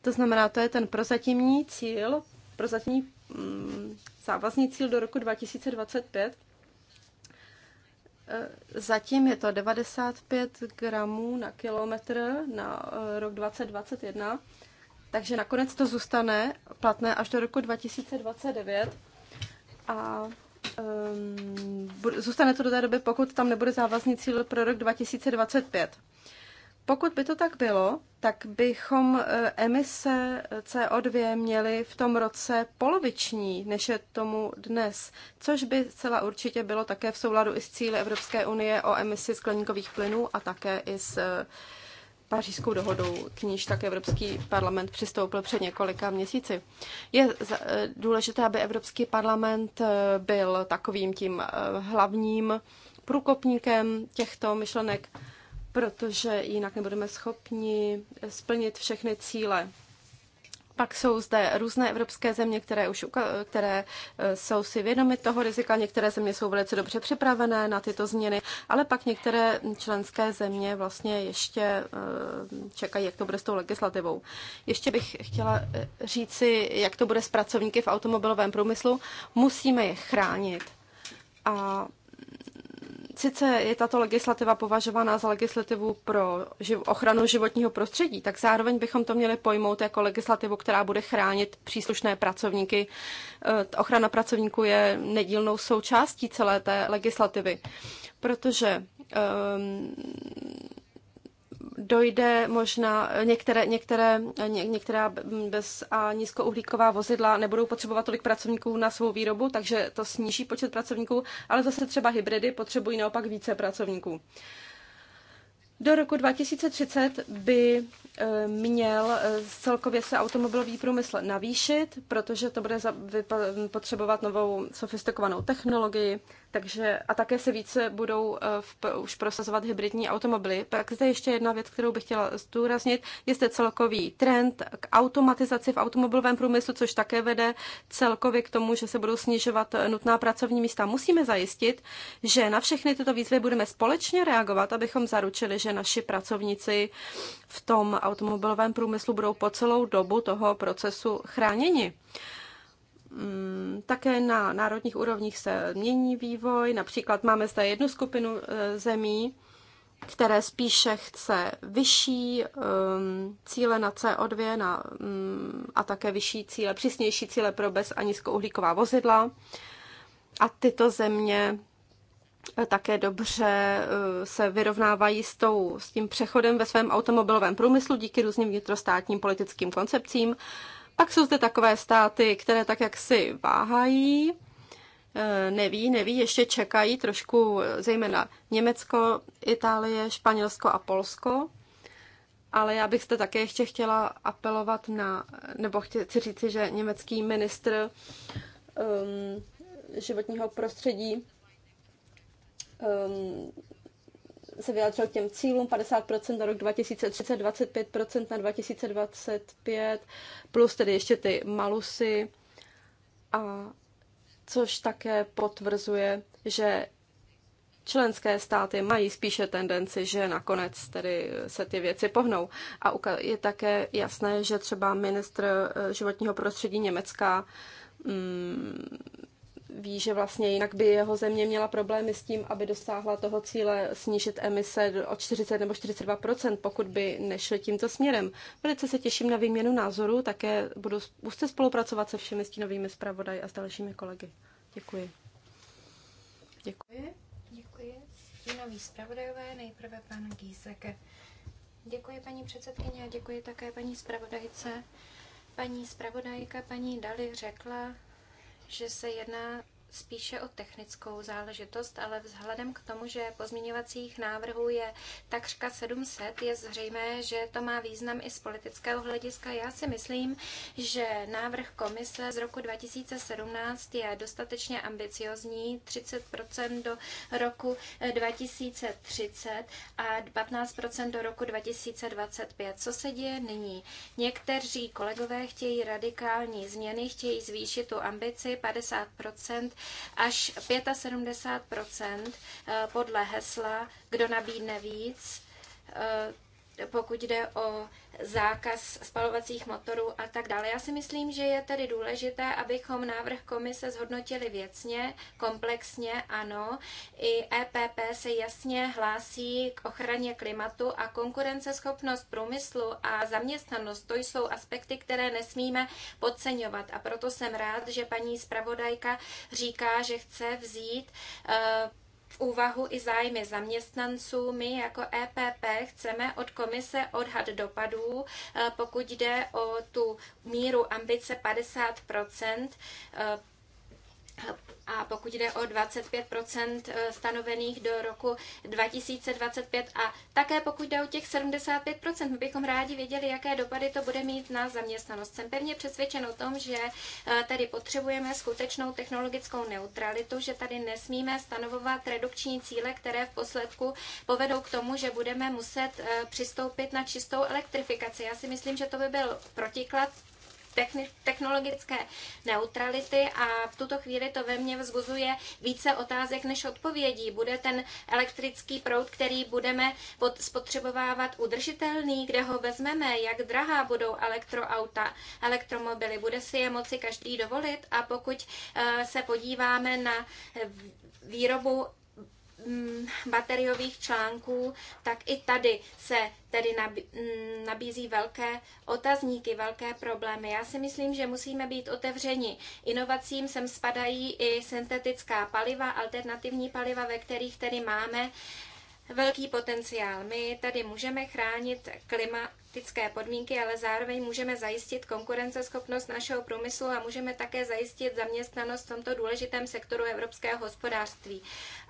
To znamená, to je ten prozatímní cíl, prozatímní mm, závazný cíl do roku 2025. Eh, zatím je to 95 gramů na kilometr na eh, rok 2021, takže nakonec to zůstane platné až do roku 2029. A Ehm, zůstane to do té doby, pokud tam nebude závazný cíl pro rok 2025. Pokud by to tak bylo, tak bychom eh, emise eh, CO2 měli v tom roce poloviční, než je tomu dnes, což by zcela určitě bylo také v souladu i s cíly Evropské unie o emisi skleníkových plynů a také i s eh, pařížskou dohodou, k níž tak Evropský parlament přistoupil před několika měsíci. Je důležité, aby Evropský parlament eh, byl takovým tím eh, hlavním průkopníkem těchto myšlenek, protože jinak nebudeme schopni splnit všechny cíle pak jsou zde různé evropské země, které, už, které e, jsou si vědomy toho rizika. Některé země jsou velice dobře připravené na tyto změny, ale pak některé členské země vlastně ještě e, čekají, jak to bude s tou legislativou. Ještě bych chtěla e, říci, jak to bude s pracovníky v automobilovém průmyslu. Musíme je chránit. A sice je tato legislativa považována za legislativu pro ochranu životního prostředí, tak zároveň bychom to měli pojmout jako legislativu, která bude chránit příslušné pracovníky. E, ochrana pracovníků je nedílnou součástí celé té legislativy, protože dojde možná některé, některé, ně, některá bez a nízkouhlíková vozidla nebudou potřebovat tolik pracovníků na svou výrobu, takže to sníží počet pracovníků, ale zase třeba hybridy potřebují naopak více pracovníků. Do roku 2030 by e, měl e, celkově se automobilový průmysl navýšit, protože to bude potřebovat novou sofistikovanou technologii, takže, a také se více budou eh, v, už prosazovat hybridní automobily. Pak zde ještě jedna věc, kterou bych chtěla zdůraznit, je zde celkový trend k automatizaci v automobilovém průmyslu, což také vede celkově k tomu, že se budou snižovat eh, nutná pracovní místa. Musíme zajistit, že na všechny tyto výzvy budeme společně reagovat, abychom zaručili, že naši pracovníci v tom automobilovém průmyslu budou po celou dobu toho procesu chráněni. Mm, také na národních úrovních se mění vývoj. Například máme zde jednu skupinu eh, zemí, které spíše chce vyšší um, cíle na CO2 na, um, a také vyšší cíle, přísnější cíle pro bez a nízkouhlíková vozidla. A tyto země eh, také dobře eh, se vyrovnávají s, tou, s tím přechodem ve svém automobilovém průmyslu díky různým vnitrostátním politickým koncepcím. Uh, pak jsou zde takové státy, které tak jak si váhají, eh, neví, neví, ještě čekají trošku, eh, zejména Německo, Itálie, Španělsko a Polsko. Ale já bych zde také ještě chtěla apelovat na, nebo chci říci, že německý ministr um, životního prostředí um, se vyjádřil k těm cílům 50% na rok 2030, 25% na 2025, plus tedy ještě ty malusy, a což také potvrzuje, že členské státy mají spíše tendenci, že nakonec tedy se ty věci pohnou. A je také jasné, že třeba ministr eh, životního prostředí Německa mm, ví, že vlastně jinak by jeho země měla problémy s tím, aby dosáhla toho cíle snížit emise o 40 nebo 42 pokud by nešli tímto směrem. Velice se těším na výměnu názorů, také budu úzce spolupracovat se všemi stínovými zpravodaji a s dalšími kolegy. Děkuji. Děkuji. Děkuji. Stínový zpravodajové, nejprve pan Gíseke. Děkuji paní předsedkyně a děkuji také paní zpravodajce. Paní zpravodajka, paní Dali řekla že se jedná spíše o technickou záležitost, ale vzhledem k tomu, že pozměňovacích návrhů je takřka 700, je zřejmé, že to má význam i z politického hlediska. Já si myslím, že návrh komise z roku 2017 je dostatečně ambiciozní, 30 do roku 2030 a 15 do roku 2025. Co se děje nyní? Někteří kolegové chtějí radikální změny, chtějí zvýšit tu ambici 50 až 75 eh, podle hesla Kdo nabídne víc, eh, pokud jde o zákaz spalovacích motorů a tak dále. Já si myslím, že je tedy důležité, abychom návrh komise zhodnotili věcně, komplexně, ano. I EPP se jasně hlásí k ochraně klimatu a konkurenceschopnost průmyslu a zaměstnanost, to jsou aspekty, které nesmíme podceňovat. A proto jsem rád, že paní zpravodajka říká, že chce vzít uh, v úvahu i zájmy zaměstnanců. My jako EPP chceme od komise odhad dopadů, eh, pokud jde o tu míru ambice 50 a pokud jde o 25 eh, stanovených do roku 2025 a také pokud jde o těch 75 my bychom rádi věděli, jaké dopady to bude mít na zaměstnanost. Jsem pevně přesvědčen o tom, že eh, tady potřebujeme skutečnou technologickou neutralitu, že tady nesmíme stanovovat redukční cíle, které v posledku povedou k tomu, že budeme muset eh, přistoupit na čistou elektrifikaci. Já si myslím, že to by byl protiklad technologické neutrality a v tuto chvíli to ve mně vzbuzuje více otázek než odpovědí. Bude ten elektrický proud, který budeme spotřebovávat udržitelný, kde ho vezmeme, jak drahá budou elektroauta, elektromobily, bude si je moci každý dovolit a pokud eh, se podíváme na výrobu Mm, bateriových článků, tak i tady se tedy mm, nabízí velké otazníky, velké problémy. Já si myslím, že musíme být otevřeni. Inovacím sem spadají i syntetická paliva, alternativní paliva, ve kterých tedy máme velký potenciál. My tady můžeme chránit klima, klimatické podmínky, ale zároveň můžeme zajistit konkurenceschopnost našeho průmyslu a můžeme také zajistit zaměstnanost v tomto důležitém sektoru evropského hospodářství.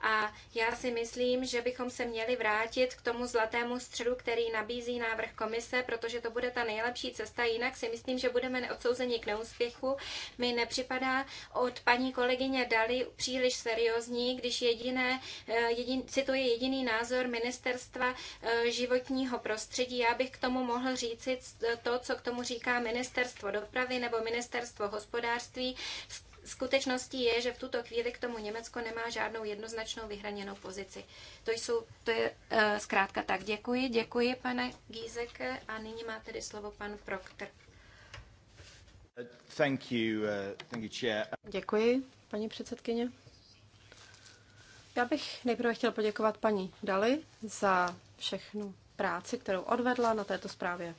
A já si myslím, že bychom se měli vrátit k tomu zlatému středu, který nabízí návrh komise, protože to bude ta nejlepší cesta. Jinak si myslím, že budeme odsouzeni k neúspěchu. Mi nepřipadá od paní kolegyně Dali příliš seriózní, když jediné, eh, jedin, cituje jediný názor ministerstva eh, životního prostředí. Já bych k tomu mohl říci to, co k tomu říká ministerstvo dopravy nebo ministerstvo hospodářství. Skutečností je, že v tuto chvíli k tomu Německo nemá žádnou jednoznačnou vyhraněnou pozici. To, jsou, to je eh, zkrátka tak. Děkuji, děkuji pane Gízeke a nyní má tedy slovo pan Proktor. Thank you, uh, thank you, chair. Děkuji, paní předsedkyně. Já bych nejprve chtěl poděkovat paní Dali za všechnu práci, kterou odvedla na této zprávě.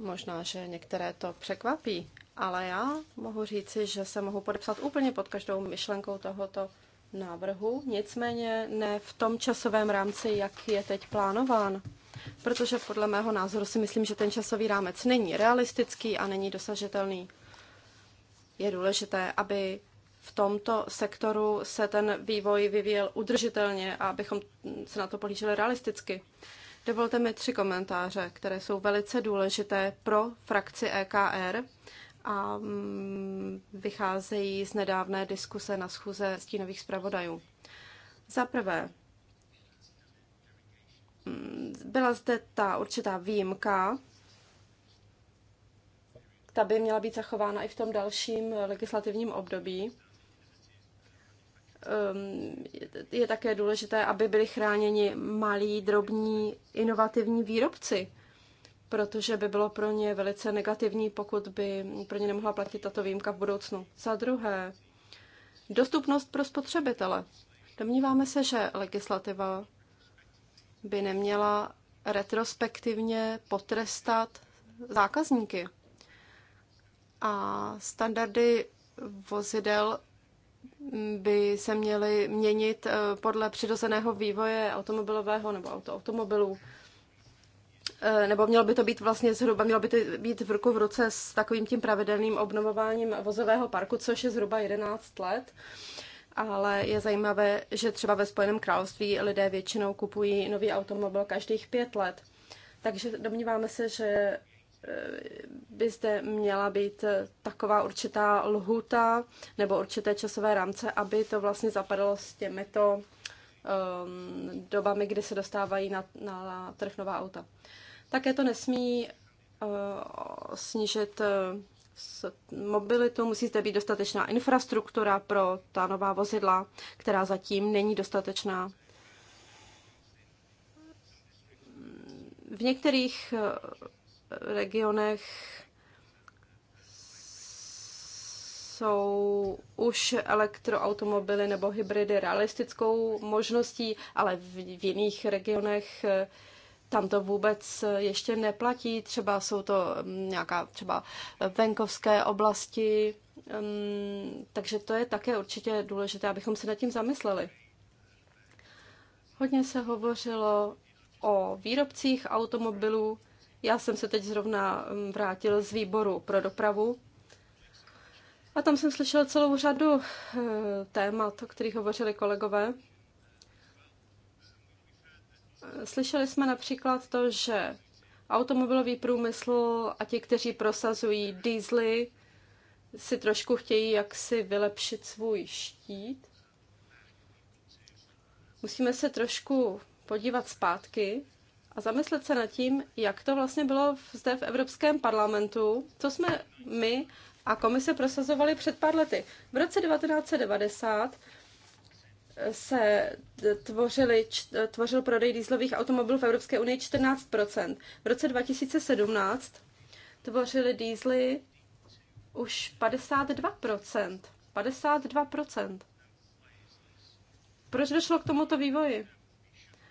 Možná, že některé to překvapí, ale já mohu říci, že se mohu podepsat úplně pod každou myšlenkou tohoto návrhu, nicméně ne v tom časovém rámci, jak je teď plánován. Protože podle mého názoru si myslím, že ten časový rámec není realistický a není dosažitelný. Je důležité, aby v tomto sektoru se ten vývoj vyvíjel udržitelně a abychom se na to pohlíželi realisticky. Dovolte mi tři komentáře, které jsou velice důležité pro frakci EKR a mm, vycházejí z nedávné diskuse na schůze stínových zpravodajů. Za prvé, mm, byla zde ta určitá výjimka, ta by měla být zachována i v tom dalším legislativním období. Ehm, je také důležité, aby byli chráněni malí, drobní, inovativní výrobci, protože by bylo pro ně velice negativní, pokud by pro ně nemohla platit tato výjimka v budoucnu. Za druhé, dostupnost pro spotřebitele. Domníváme se, že legislativa by neměla retrospektivně potrestat zákazníky. A standardy vozidel by se měly měnit eh, podle přirozeného vývoje automobilového nebo auto, automobilů. Eh, nebo mělo by to být vlastně zhruba, mělo by to být v ruku v ruce s takovým tím pravidelným obnovováním vozového parku, což je zhruba 11 let. Ale je zajímavé, že třeba ve Spojeném království lidé většinou kupují nový automobil každých pět let. Takže domníváme se, že by zde měla být taková určitá lhuta nebo určité časové rámce, aby to vlastně zapadalo s těmito um, dobami, kdy se dostávají na, na trh nová auta. Také to nesmí uh, snížit uh, mobilitu, musí zde být dostatečná infrastruktura pro ta nová vozidla, která zatím není dostatečná. V některých regionech jsou už elektroautomobily nebo hybridy realistickou možností, ale v, v jiných regionech eh, tam to vůbec ještě neplatí. Třeba jsou to mm, nějaká třeba venkovské oblasti, mm, takže to je také určitě důležité, abychom se nad tím zamysleli. Hodně se hovořilo o výrobcích automobilů, já jsem se teď zrovna mm, vrátil z výboru pro dopravu a tam jsem slyšel celou řadu eh, témat, o kterých hovořili kolegové. Slyšeli jsme například to, že automobilový průmysl a ti, kteří prosazují diesely, si trošku chtějí jaksi vylepšit svůj štít. Musíme se trošku podívat zpátky a zamyslet se nad tím, jak to vlastně bylo zde v Evropském parlamentu, co jsme my a komise prosazovali před pár lety. V roce 1990 se tvořili, tvořil prodej dýzlových automobilů v Evropské unii 14 V roce 2017 tvořili dýzly už 52 52 Proč došlo k tomuto vývoji?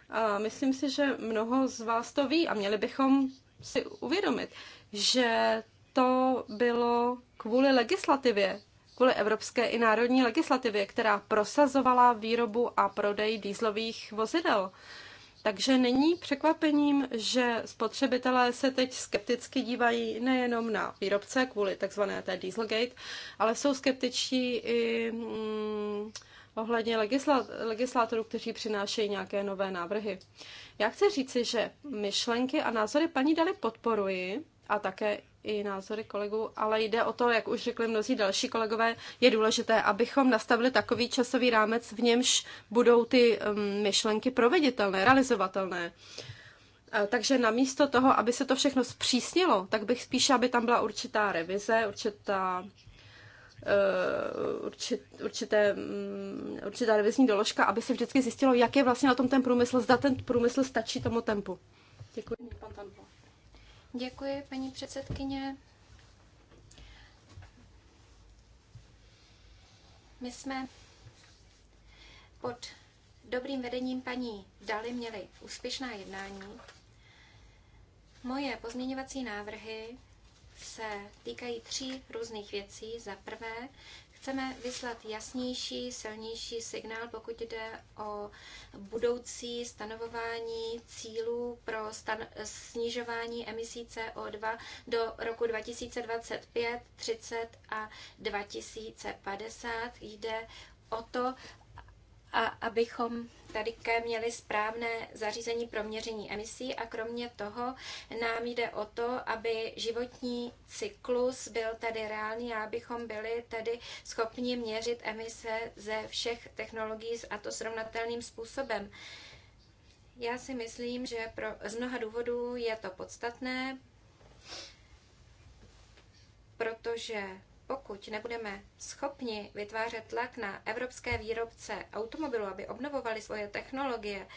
A myslím si, že mnoho z vás to ví a měli bychom si uvědomit, že to bylo kvůli legislativě, kvůli evropské i národní legislativě, která prosazovala výrobu a prodej dýzlových vozidel. Takže není překvapením, že spotřebitelé se teď skepticky dívají nejenom na výrobce kvůli takzvané té Dieselgate, ale jsou skeptičtí i mm, ohledně legislátorů, kteří přinášejí nějaké nové návrhy. Já chci říci, že myšlenky a názory paní Dali podporuji a také i názory kolegů, ale jde o to, jak už řekli mnozí další kolegové, je důležité, abychom nastavili takový časový rámec, v němž budou ty um, myšlenky proveditelné, realizovatelné. Takže namísto toho, aby se to všechno zpřísnilo, tak bych spíše, aby tam byla určitá revize, určitá Eh, určit, určité, mm, určitá revizní doložka, aby se vždycky zjistilo, jak je vlastně na tom ten průmysl, zda ten průmysl stačí tomu tempu. Děkuji, pan Tanpo. Děkuji, paní předsedkyně. My jsme pod dobrým vedením paní Dali měli úspěšná jednání. Moje pozměňovací návrhy se týkají tří různých věcí. Za prvé, chceme vyslat jasnější, silnější signál, pokud jde o budoucí stanovování cílů pro stan- snižování emisí CO2 do roku 2025, 30 a 2050. Jde o to, a abychom tady měli správné zařízení pro měření emisí a kromě toho nám jde o to, aby životní cyklus byl tady reálný a abychom byli tedy schopni měřit emise ze všech technologií a to srovnatelným způsobem. Já si myslím, že pro, z mnoha důvodů je to podstatné, protože pokud nebudeme schopni vytvářet tlak na evropské výrobce automobilů, aby obnovovali svoje technologie,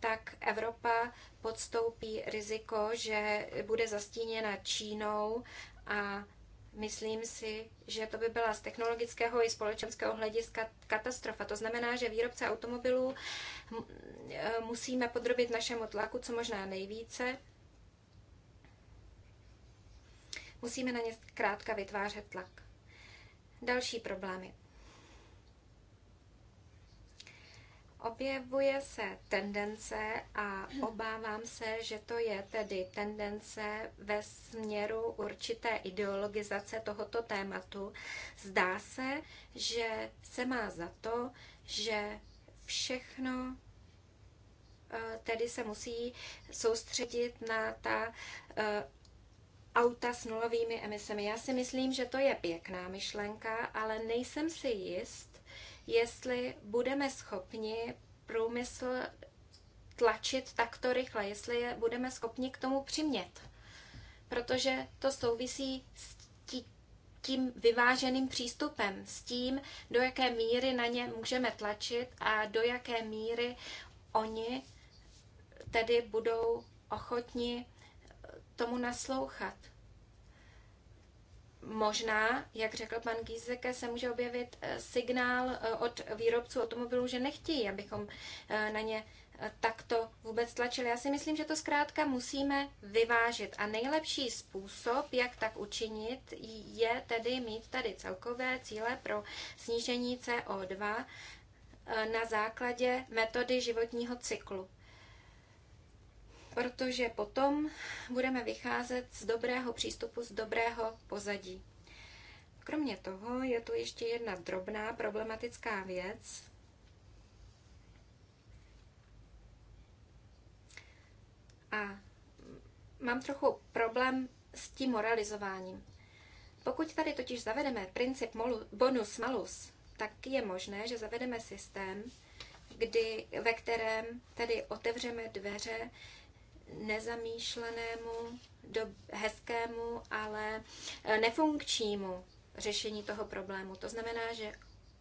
tak Evropa podstoupí riziko, že bude zastíněna Čínou a myslím si, že to by byla z technologického i společenského hlediska katastrofa. To znamená, že výrobce automobilů hm, eh, musíme podrobit našemu tlaku co možná nejvíce. Musíme na ně zkrátka vytvářet tlak další problémy. Objevuje se tendence a obávám se, že to je tedy tendence ve směru určité ideologizace tohoto tématu. Zdá se, že se má za to, že všechno eh, tedy se musí soustředit na ta eh, auta s nulovými emisemi. Já si myslím, že to je pěkná myšlenka, ale nejsem si jist, jestli budeme schopni průmysl tlačit takto rychle, jestli je budeme schopni k tomu přimět. Protože to souvisí s tím vyváženým přístupem, s tím, do jaké míry na ně můžeme tlačit a do jaké míry oni tedy budou ochotni tomu naslouchat. Možná, jak řekl pan Gizeke, se může objevit eh, signál eh, od výrobců automobilů, že nechtějí, abychom eh, na ně takto vůbec tlačili. Já si myslím, že to zkrátka musíme vyvážit a nejlepší způsob, jak tak učinit, je tedy mít tady celkové cíle pro snížení CO2 na základě metody životního cyklu protože potom budeme vycházet z dobrého přístupu, z dobrého pozadí. Kromě toho je tu ještě jedna drobná problematická věc. A mám trochu problém s tím moralizováním. Pokud tady totiž zavedeme princip bonus malus, tak je možné, že zavedeme systém, kdy, ve kterém tedy otevřeme dveře nezamýšlenému, do, hezkému, ale eh, nefunkčnímu řešení toho problému. To znamená, že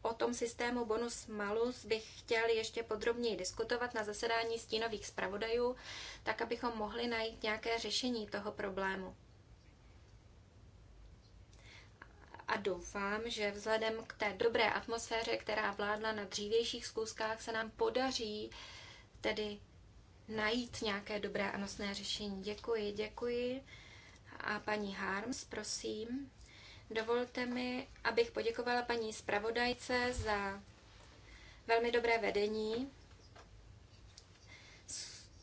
o tom systému bonus malus bych chtěl ještě podrobněji diskutovat na zasedání stínových zpravodajů, tak abychom mohli najít nějaké řešení toho problému. a doufám, že vzhledem k té dobré atmosféře, která vládla na dřívějších zkouškách, se nám podaří tedy najít nějaké dobré a nosné řešení. Děkuji, děkuji. A paní Harms, prosím. Dovolte mi, abych poděkovala paní zpravodajce za velmi dobré vedení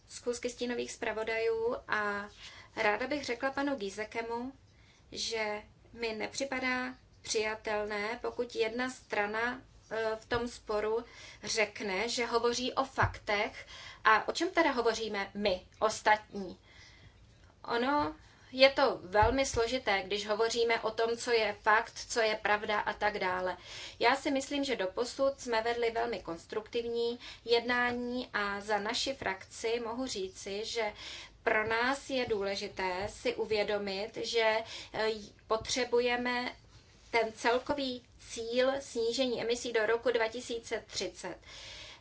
schůzky stínových zpravodajů a ráda bych řekla panu Gizekemu, že mi nepřipadá přijatelné, pokud jedna strana e, v tom sporu řekne, že hovoří o faktech a o čem teda hovoříme my, ostatní? Ono je to velmi složité, když hovoříme o tom, co je fakt, co je pravda a tak dále. Já si myslím, že doposud jsme vedli velmi konstruktivní jednání a za naši frakci mohu říci, že pro nás je důležité si uvědomit, že e, potřebujeme ten celkový cíl snížení emisí do roku 2030.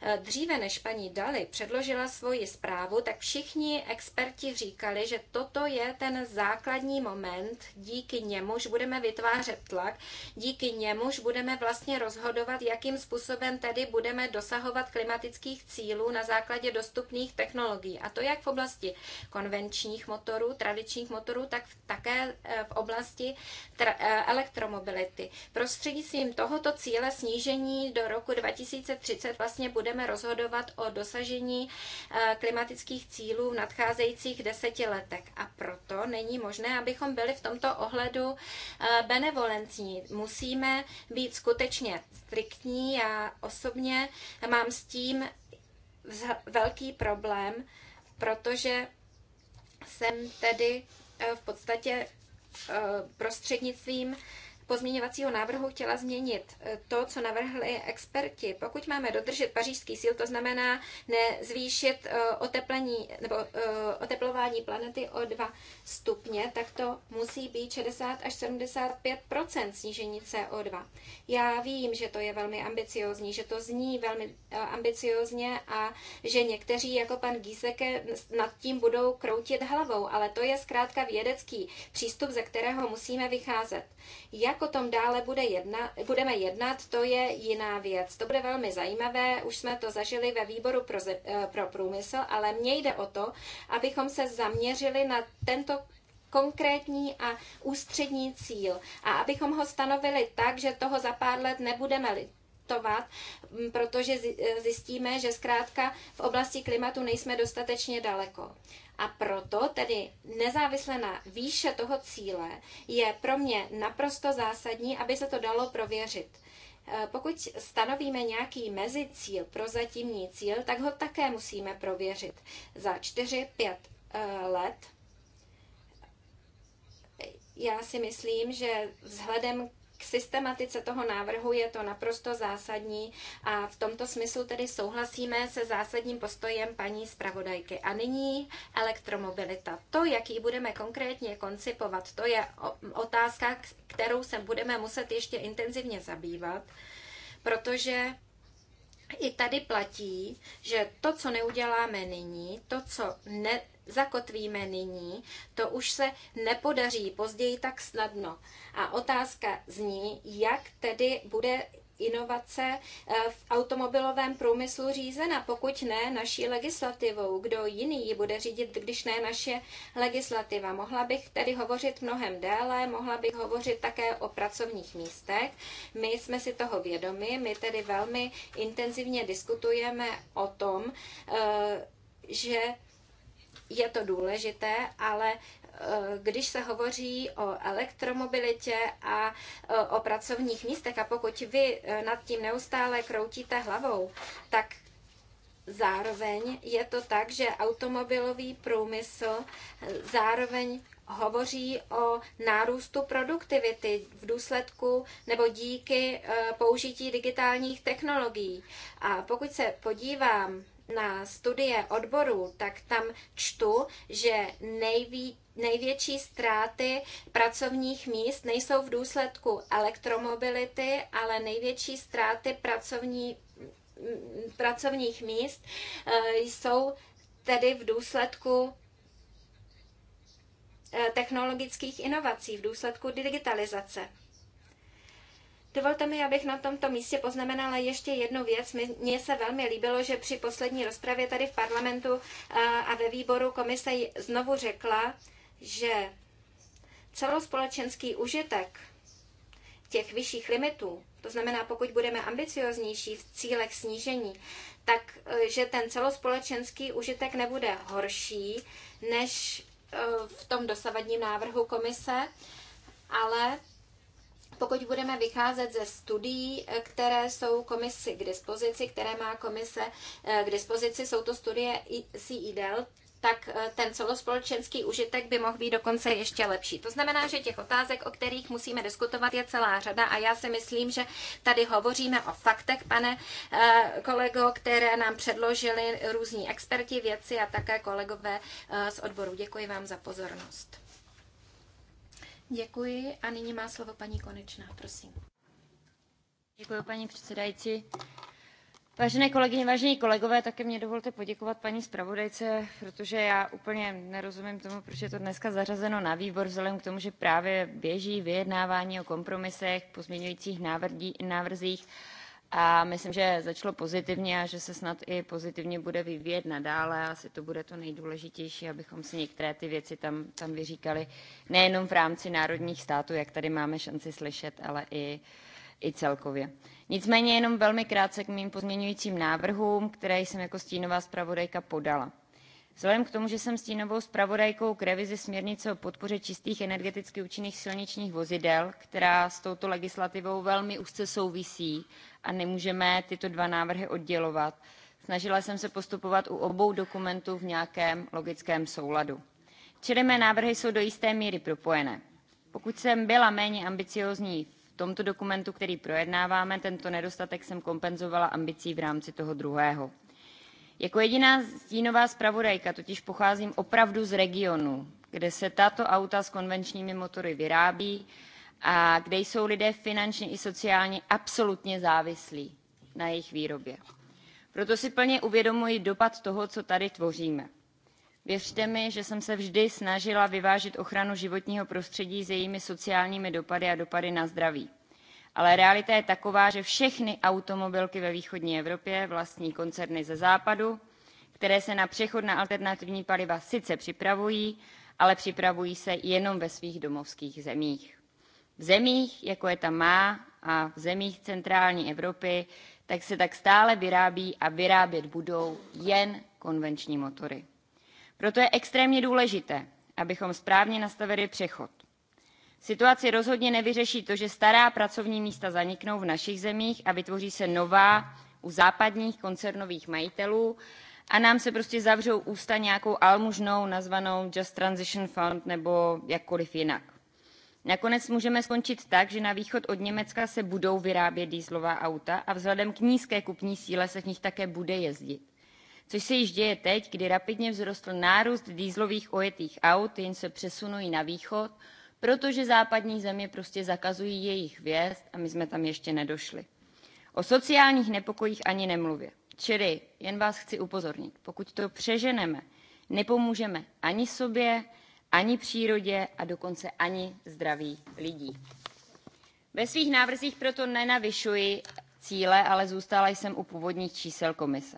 Eh, dříve než paní Dali předložila svoji zprávu, tak všichni experti říkali, že toto je ten základní moment, díky němuž budeme vytvářet tlak, díky němuž budeme vlastně rozhodovat, jakým způsobem tedy budeme dosahovat klimatických cílů na základě dostupných technologií. A to jak v oblasti konvenčních motorů, tradičních motorů, tak také eh, v oblasti eh, elektromobility. Prostřednictvím tohoto cíle snížení do roku 2030 vlastně bude budeme rozhodovat o dosažení eh, klimatických cílů v nadcházejících deseti letech. A proto není možné, abychom byli v tomto ohledu eh, benevolentní. Musíme být skutečně striktní. Já osobně mám s tím velký problém, protože jsem tedy eh, v podstatě prostřednictvím pozměňovacího návrhu chtěla změnit eh, to, co navrhli experti. Pokud máme dodržet pařížský síl, to znamená nezvýšit eh, oteplení nebo eh, oteplování planety o 2 stupně, tak to musí být 60 až 75 snížení CO2. Já vím, že to je velmi ambiciozní, že to zní velmi ambiciozně a že někteří, jako pan Gíseke, nad tím budou kroutit hlavou, ale to je zkrátka vědecký přístup, ze kterého musíme vycházet. Jak jak o tom dále bude jedna, budeme jednat, to je jiná věc. To bude velmi zajímavé, už jsme to zažili ve výboru pro, eh, pro průmysl, ale mně jde o to, abychom se zaměřili na tento konkrétní a ústřední cíl a abychom ho stanovili tak, že toho za pár let nebudeme investovat, mm, protože eh, zjistíme, že zkrátka v oblasti klimatu nejsme dostatečně daleko. A proto tedy nezávisle na výše toho cíle je pro mě naprosto zásadní, aby se to dalo prověřit. Eh, pokud stanovíme nějaký mezicíl, prozatímní cíl, tak ho také musíme prověřit. Za 4-5 eh, let já si myslím, že vzhledem k systematice toho návrhu je to naprosto zásadní a v tomto smyslu tedy souhlasíme se zásadním postojem paní zpravodajky. A nyní elektromobilita. To, jak ji budeme konkrétně koncipovat, to je otázka, kterou se budeme muset ještě intenzivně zabývat, protože i tady platí, že to, co neuděláme nyní, to, co ne, zakotvíme nyní, to už se nepodaří později tak snadno. A otázka zní, jak tedy bude inovace eh, v automobilovém průmyslu řízena, pokud ne naší legislativou. Kdo jiný ji bude řídit, když ne naše legislativa? Mohla bych tedy hovořit mnohem déle, mohla bych hovořit také o pracovních místech. My jsme si toho vědomi, my tedy velmi intenzivně diskutujeme o tom, eh, že je to důležité, ale eh, když se hovoří o elektromobilitě a eh, o pracovních místech a pokud vy eh, nad tím neustále kroutíte hlavou, tak zároveň je to tak, že automobilový průmysl zároveň hovoří o nárůstu produktivity v důsledku nebo díky použití digitálních technologií. A pokud se podívám na studie odborů, tak tam čtu, že nejví, největší ztráty pracovních míst nejsou v důsledku elektromobility, ale největší ztráty pracovní, pracovních míst eh, jsou tedy v důsledku eh, technologických inovací, v důsledku digitalizace. Dovolte mi, abych na tomto místě poznamenala ještě jednu věc. Mně se velmi líbilo, že při poslední rozpravě tady v parlamentu eh, a ve výboru komise znovu řekla, že celospolečenský užitek těch vyšších limitů, to znamená, pokud budeme ambicioznější v cílech snížení, tak eh, že ten celospolečenský užitek nebude horší než eh, v tom dosavadním návrhu komise, ale pokud budeme vycházet ze studií, eh, které jsou komisi k dispozici, které má komise eh, k dispozici, jsou to studie CIDEL, e tak eh, ten celospolečenský užitek by mohl být dokonce ještě lepší. To znamená, že těch otázek, o kterých musíme diskutovat, je celá řada a já si myslím, že tady hovoříme o faktech, pane kolego, které nám předložili různí experti, věci a také kolegové z odboru. Děkuji vám za pozornost. Děkuji a nyní má slovo paní Konečná, prosím. Děkuji, paní předsedající. Vážené kolegyně, vážení kolegové, také mě dovolte poděkovat paní zpravodajce, protože já úplně nerozumím tomu, proč je to dneska zařazeno na výbor, vzhledem k tomu, že právě běží vyjednávání o kompromisech, pozměňujících návrzích a myslím, že začalo pozitivně a že se snad i pozitivně bude vyvíjet nadále. Asi to bude to nejdůležitější, abychom si některé ty věci tam, tam vyříkali nejenom v rámci národních států, jak tady máme šanci slyšet, ale i, i celkově. Nicméně jenom velmi krátce k mým pozměňujícím návrhům, které jsem jako stínová zpravodajka podala. Vzhledem k tomu, že jsem stínovou zpravodajkou k revizi směrnice o podpoře čistých energeticky účinných silničních vozidel, která s touto legislativou velmi úzce souvisí a nemůžeme tyto dva návrhy oddělovat, snažila jsem se postupovat u obou dokumentů v nějakém logickém souladu. Čili mé návrhy jsou do jisté míry propojené. Pokud jsem byla méně ambiciózní v tomto dokumentu, který projednáváme, tento nedostatek jsem kompenzovala ambicí v rámci toho druhého. Jako jediná stínová zpravodajka totiž pocházím opravdu z regionu, kde se tato auta s konvenčními motory vyrábí a kde jsou lidé finančně i sociálně absolutně závislí na jejich výrobě. Proto si plně uvědomuji dopad toho, co tady tvoříme. Věřte mi, že jsem se vždy snažila vyvážit ochranu životního prostředí s jejími sociálními dopady a dopady na zdraví ale realita je taková že všechny automobilky ve východní evropě vlastní koncerny ze západu které se na přechod na alternativní paliva sice připravují ale připravují se jenom ve svých domovských zemích. v zemích jako je ta má a v zemích centrální evropy tak se tak stále vyrábí a vyrábět budou jen konvenční motory. proto je extrémně důležité abychom správně nastavili přechod situaci rozhodně nevyřeší to že stará pracovní místa zaniknou v našich zemích a vytvoří se nová u západních koncernových majitelů a nám se prostě zavřou ústa nějakou almužnou nazvanou just transition fund nebo jakkoliv jinak. Nakonec můžeme skončit tak, že na východ od Německa se budou vyrábět dýzlová auta a vzhledem k nízké kupní síle se v nich také bude jezdit. Což se již děje teď, kdy rapidně vzrostl nárůst dýzlových ojetých aut, jen se přesunují na východ, protože západní země prostě zakazují jejich vjezd a my jsme tam ještě nedošli. O sociálních nepokojích ani nemluvě. Čili jen vás chci upozornit, pokud to přeženeme, nepomůžeme ani sobě, ani přírodě a dokonce ani zdraví lidí. Ve svých návrzích proto nenavyšuji cíle, ale zůstala jsem u původních čísel komise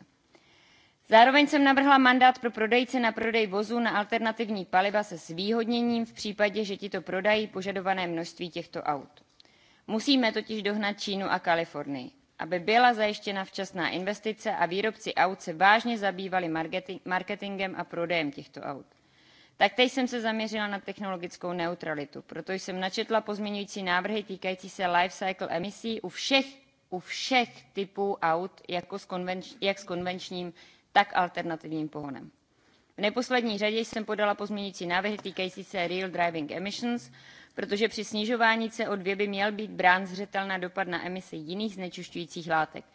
zároveň jsem navrhla mandát pro prodejce na prodej vozů na alternativní paliva se zvýhodněním v případě že tito prodají požadované množství těchto aut. musíme totiž dohnat čínu a kalifornii aby byla zajištěna včasná investice a výrobci aut se vážně zabývali marketingem a prodejem těchto aut. taktéž jsem se zaměřila na technologickou neutralitu proto jsem načetla pozměňující návrhy týkající se life cycle emisí u všech, u všech typů aut jak s konvenčním tak alternativním pohonem. V neposlední řadě jsem podala pozměňující návrhy týkající se Real Driving Emissions, protože při snižování CO2 by měl být brán zřetel na dopad na emise jiných znečišťujících látek.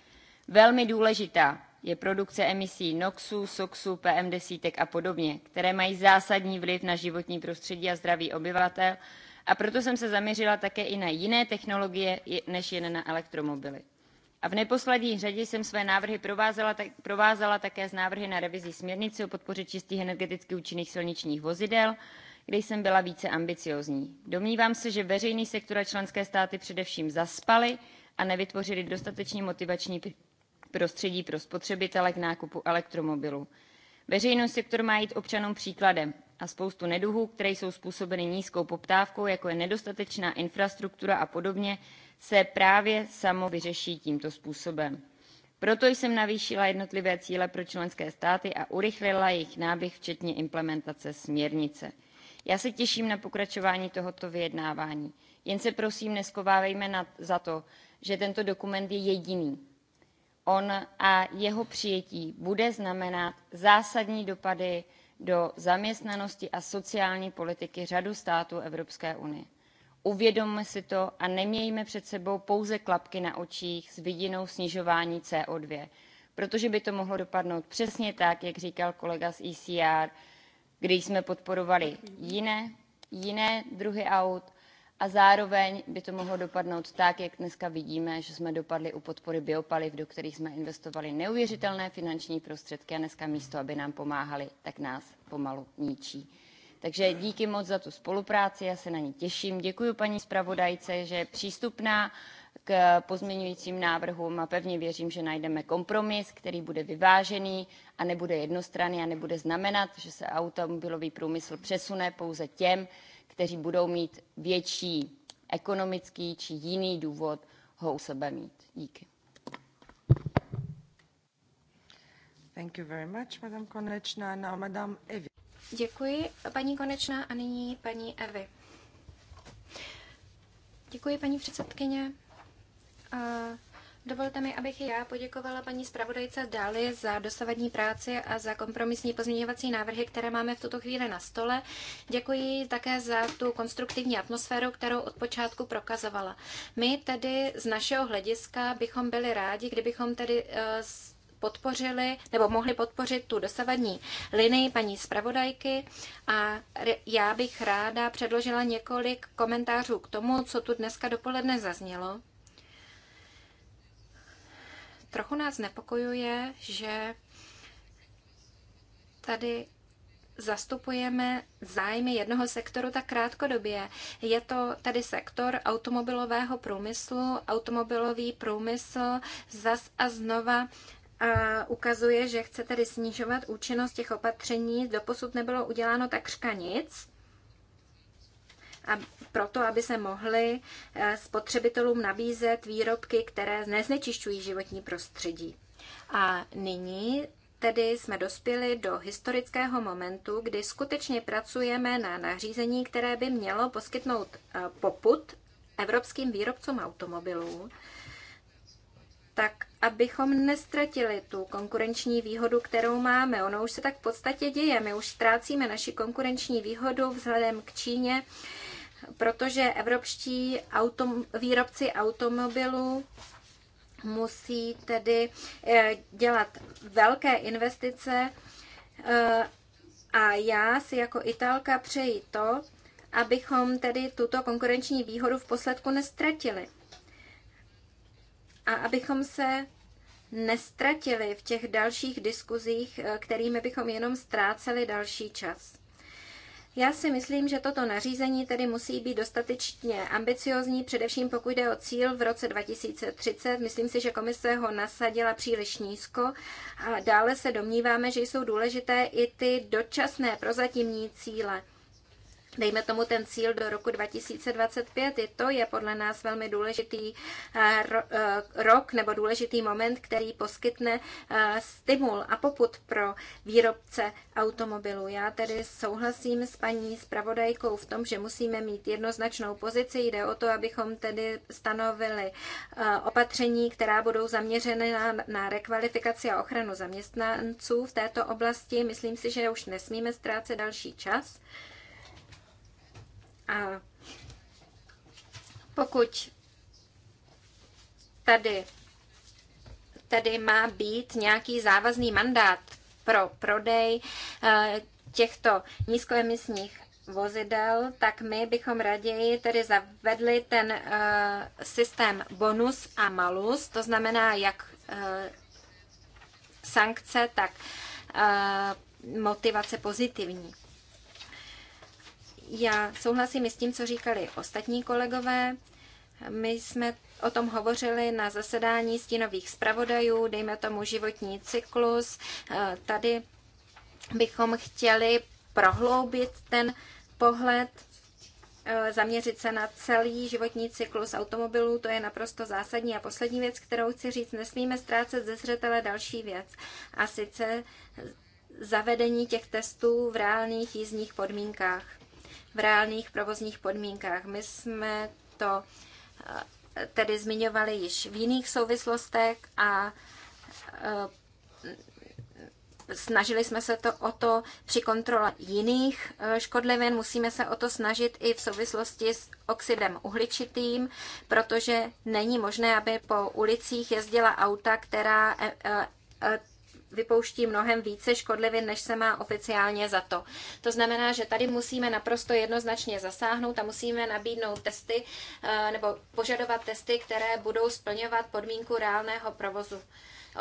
Velmi důležitá je produkce emisí NOXu, SOXu, PM10 a podobně, které mají zásadní vliv na životní prostředí a zdraví obyvatel, a proto jsem se zaměřila také i na jiné technologie, než jen na elektromobily a v neposlední řadě jsem své návrhy provázela také s návrhy na revizi směrnice o podpoře čistých energeticky účinných silničních vozidel kde jsem byla více ambiciózní. domnívám se že veřejný sektor a členské státy především zaspaly a nevytvořily dostatečně motivační prostředí pro spotřebitele k nákupu elektromobilů. veřejný sektor má jít občanům příkladem a spoustu neduhů které jsou způsobeny nízkou poptávkou jako je nedostatečná infrastruktura a podobně se právě samo vyřeší tímto způsobem. Proto jsem navýšila jednotlivé cíle pro členské státy a urychlila jejich náběh, včetně implementace směrnice. Já se těším na pokračování tohoto vyjednávání. Jen se prosím neskovávejme na, za to, že tento dokument je jediný. On a jeho přijetí bude znamenat zásadní dopady do zaměstnanosti a sociální politiky řadu států Evropské unie. Uvědomme si to a nemějme před sebou pouze klapky na očích s vidinou snižování CO2, protože by to mohlo dopadnout přesně tak, jak říkal kolega z ECR, kdy jsme podporovali jiné, jiné druhy aut a zároveň by to mohlo dopadnout tak, jak dneska vidíme, že jsme dopadli u podpory biopaliv, do kterých jsme investovali neuvěřitelné finanční prostředky a dneska místo, aby nám pomáhali, tak nás pomalu ničí takže díky moc za tu spolupráci já se na ní těším děkuji paní zpravodajce že je přístupná k pozměňujícím návrhům a pevně věřím že najdeme kompromis který bude vyvážený a nebude jednostranný a nebude znamenat že se automobilový průmysl přesune pouze těm kteří budou mít větší ekonomický či jiný důvod ho u sebe mít. Díky. Thank you very much, Konečná. Now, Děkuji, paní Konečná, a nyní paní Evy. Děkuji, paní předsedkyně. Dovolte mi, abych i já poděkovala paní zpravodajce Dali za dosavadní práci a za kompromisní pozměňovací návrhy, které máme v tuto chvíli na stole. Děkuji také za tu konstruktivní atmosféru, kterou od počátku prokazovala. My tedy z našeho hlediska bychom byli rádi, kdybychom tedy eh, s podpořili nebo mohli podpořit tu dosavadní linii paní zpravodajky a já bych ráda předložila několik komentářů k tomu, co tu dneska dopoledne zaznělo. Trochu nás nepokojuje, že tady zastupujeme zájmy jednoho sektoru tak krátkodobě. Je to tady sektor automobilového průmyslu. Automobilový průmysl zas a znova a ukazuje, že chce tedy snižovat účinnost těch opatření. Doposud nebylo uděláno takřka nic a proto, aby se mohly eh, spotřebitelům nabízet výrobky, které neznečišťují životní prostředí. A nyní tedy jsme dospěli do historického momentu, kdy skutečně pracujeme na nařízení, které by mělo poskytnout eh, poput evropským výrobcům automobilů, tak abychom nestratili tu konkurenční výhodu, kterou máme. Ono už se tak v podstatě děje. My už ztrácíme naši konkurenční výhodu vzhledem k Číně, protože evropští autom, výrobci automobilů musí tedy eh, dělat velké investice eh, a já si jako Italka přeji to, abychom tedy tuto konkurenční výhodu v posledku nestratili a abychom se nestratili v těch dalších diskuzích, eh, kterými bychom jenom ztráceli další čas. Já si myslím, že toto nařízení tedy musí být dostatečně ambiciozní, především pokud jde o cíl v roce 2030. Myslím si, že komise ho nasadila příliš nízko a dále se domníváme, že jsou důležité i ty dočasné prozatímní cíle dejme tomu ten cíl do roku 2025. I to je podle nás velmi důležitý eh, eh, rok nebo důležitý moment, který poskytne eh, stimul a poput pro výrobce automobilů. Já tedy souhlasím s paní zpravodajkou v tom, že musíme mít jednoznačnou pozici. Jde o to, abychom tedy stanovili opatření, která budou zaměřeny na, na rekvalifikaci a ochranu zaměstnanců v této oblasti. Myslím si, že už nesmíme ztrácet další čas. A pokud tady, tady má být nějaký závazný mandát pro prodej eh, těchto nízkoemisních vozidel, tak my bychom raději tedy zavedli ten eh, systém bonus a malus, to znamená jak eh, sankce, tak motivace pozitivní já souhlasím i s tím, co říkali ostatní kolegové. My jsme o tom hovořili na zasedání stínových zpravodajů, dejme tomu životní cyklus. Eh, tady bychom chtěli prohloubit ten pohled, eh, zaměřit se na celý životní cyklus automobilů, to je naprosto zásadní. A poslední věc, kterou chci říct, nesmíme ztrácet ze zřetele další věc. A sice zavedení těch testů v reálných jízdních podmínkách v reálných provozních podmínkách. My jsme to eh, tedy zmiňovali již v jiných souvislostech a eh, snažili jsme se to o to při kontrole jiných eh, škodlivin. Musíme se o to snažit i v souvislosti s oxidem uhličitým, protože není možné, aby po ulicích jezdila auta, která vypouští mnohem více škodlivin, než se má oficiálně za to. To znamená, že tady musíme naprosto jednoznačně zasáhnout a musíme nabídnout testy eh, nebo požadovat testy, které budou splňovat podmínku reálného provozu.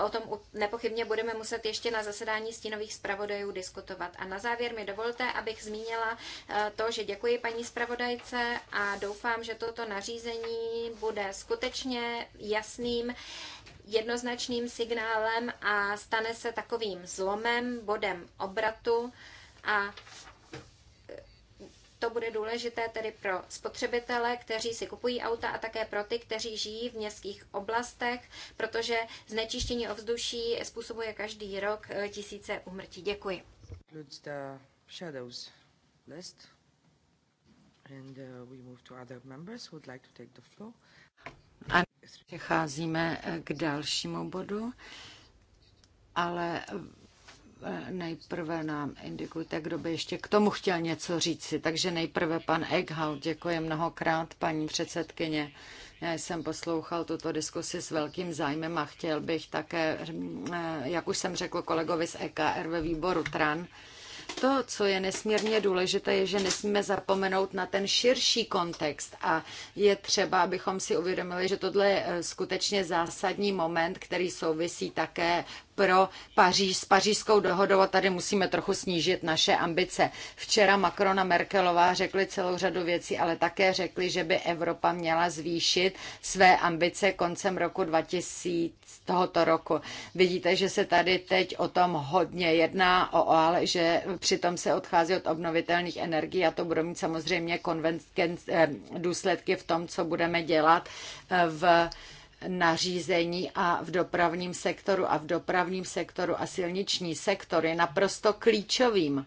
O tom nepochybně budeme muset ještě na zasedání stínových zpravodajů diskutovat. A na závěr mi dovolte, abych zmínila eh, to, že děkuji paní zpravodajce a doufám, že toto nařízení bude skutečně jasným jednoznačným signálem a stane se takovým zlomem, bodem obratu a to bude důležité tedy pro spotřebitele, kteří si kupují auta a také pro ty, kteří žijí v městských oblastech, protože znečištění ovzduší způsobuje každý rok eh, tisíce umrtí Děkuji. Uh, a přecházíme eh, k dalšímu bodu, ale Eh, nejprve nám indikujte, kdo by ještě k tomu chtěl něco říci. Takže nejprve pan Eckhout, děkuji mnohokrát, paní předsedkyně. Já jsem poslouchal tuto diskusi s velkým zájmem a chtěl bych také, eh, jak už jsem řekl kolegovi z EKR ve výboru TRAN, to, co je nesmírně důležité, je, že nesmíme zapomenout na ten širší kontext a je třeba, abychom si uvědomili, že tohle je eh, skutečně zásadní moment, který souvisí také pro Paříž s pařížskou dohodou a tady musíme trochu snížit naše ambice. Včera Macron a Merkelová řekli celou řadu věcí, ale také řekli, že by Evropa měla zvýšit své ambice koncem roku 2000 tohoto roku. Vidíte, že se tady teď o tom hodně jedná, o, ale že přitom se odchází od obnovitelných energií a to bude mít samozřejmě eh, důsledky v tom, co budeme dělat eh, v nařízení a v dopravním sektoru a v dopravním sektoru a silniční sektor je naprosto klíčovým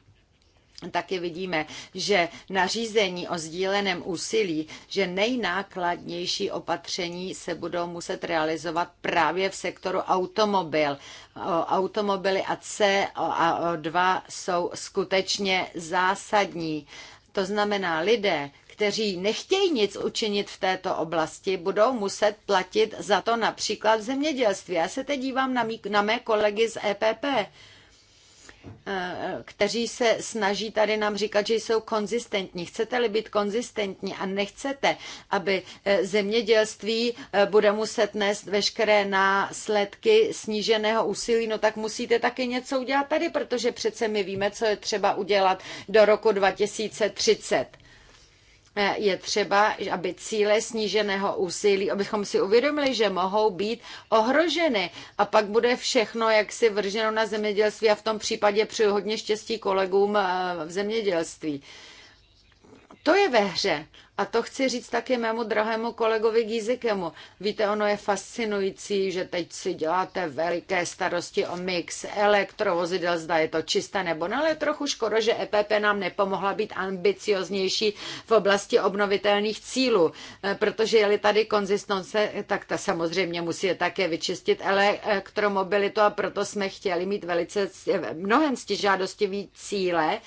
taky vidíme, že nařízení o sdíleném úsilí, že nejnákladnější opatření se budou muset realizovat právě v sektoru automobil. Automobily a CO2 jsou skutečně zásadní. To znamená, lidé, kteří nechtějí nic učinit v této oblasti, budou muset platit za to například v zemědělství. Já se teď dívám na, mý, na mé kolegy z EPP, eh, kteří se snaží tady nám říkat, že jsou konzistentní. Chcete-li být konzistentní a nechcete, aby eh, zemědělství eh, bude muset nést veškeré následky sníženého úsilí, no tak musíte taky něco udělat tady, protože přece my víme, co je třeba udělat do roku 2030 je třeba, aby cíle sníženého úsilí, abychom si uvědomili, že mohou být ohroženy a pak bude všechno jaksi vrženo na zemědělství a v tom případě přeju hodně štěstí kolegům eh, v zemědělství. To je ve hře. A to chci říct taky mému drahému kolegovi Gizikemu. Víte, ono je fascinující, že teď si děláte veliké starosti o mix elektrovozidel, zda je to čisté nebo ne, ale je trochu škoda, že EPP nám nepomohla být ambicioznější v oblasti obnovitelných cílů, eh, protože je-li tady konzistence, tak ta samozřejmě musí také vyčistit elektromobilitu a proto jsme chtěli mít velice eh, mnohem stižádostivý cíle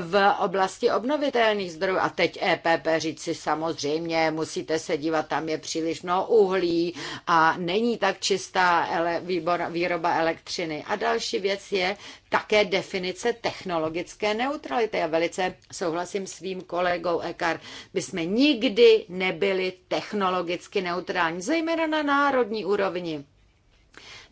v oblasti obnovitelných zdrojů. A teď EPP říci samozřejmě musíte se dívat, tam je příliš mnoho uhlí a není tak čistá ele, výbor, výroba elektřiny. A další věc je také definice technologické neutrality. Já velice souhlasím s svým kolegou Ekar. by jsme nikdy nebyli technologicky neutrální, zejména na národní úrovni.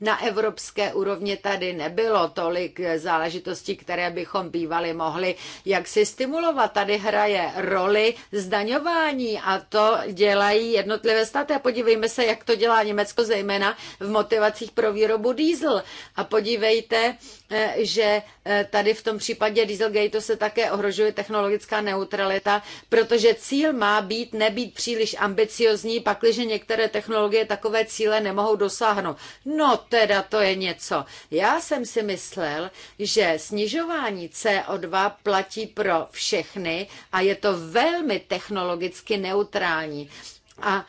Na evropské úrovni tady nebylo tolik záležitostí, které bychom bývali mohli jak si stimulovat. Tady hraje roli zdaňování a to dělají jednotlivé státy. A podívejme se, jak to dělá Německo, zejména v motivacích pro výrobu diesel. A podívejte, E, že e, tady v tom případě Dieselgate se také ohrožuje technologická neutralita, protože cíl má být nebýt příliš ambiciozní, pakliže některé technologie takové cíle nemohou dosáhnout. No teda to je něco. Já jsem si myslel, že snižování CO2 platí pro všechny a je to velmi technologicky neutrální. A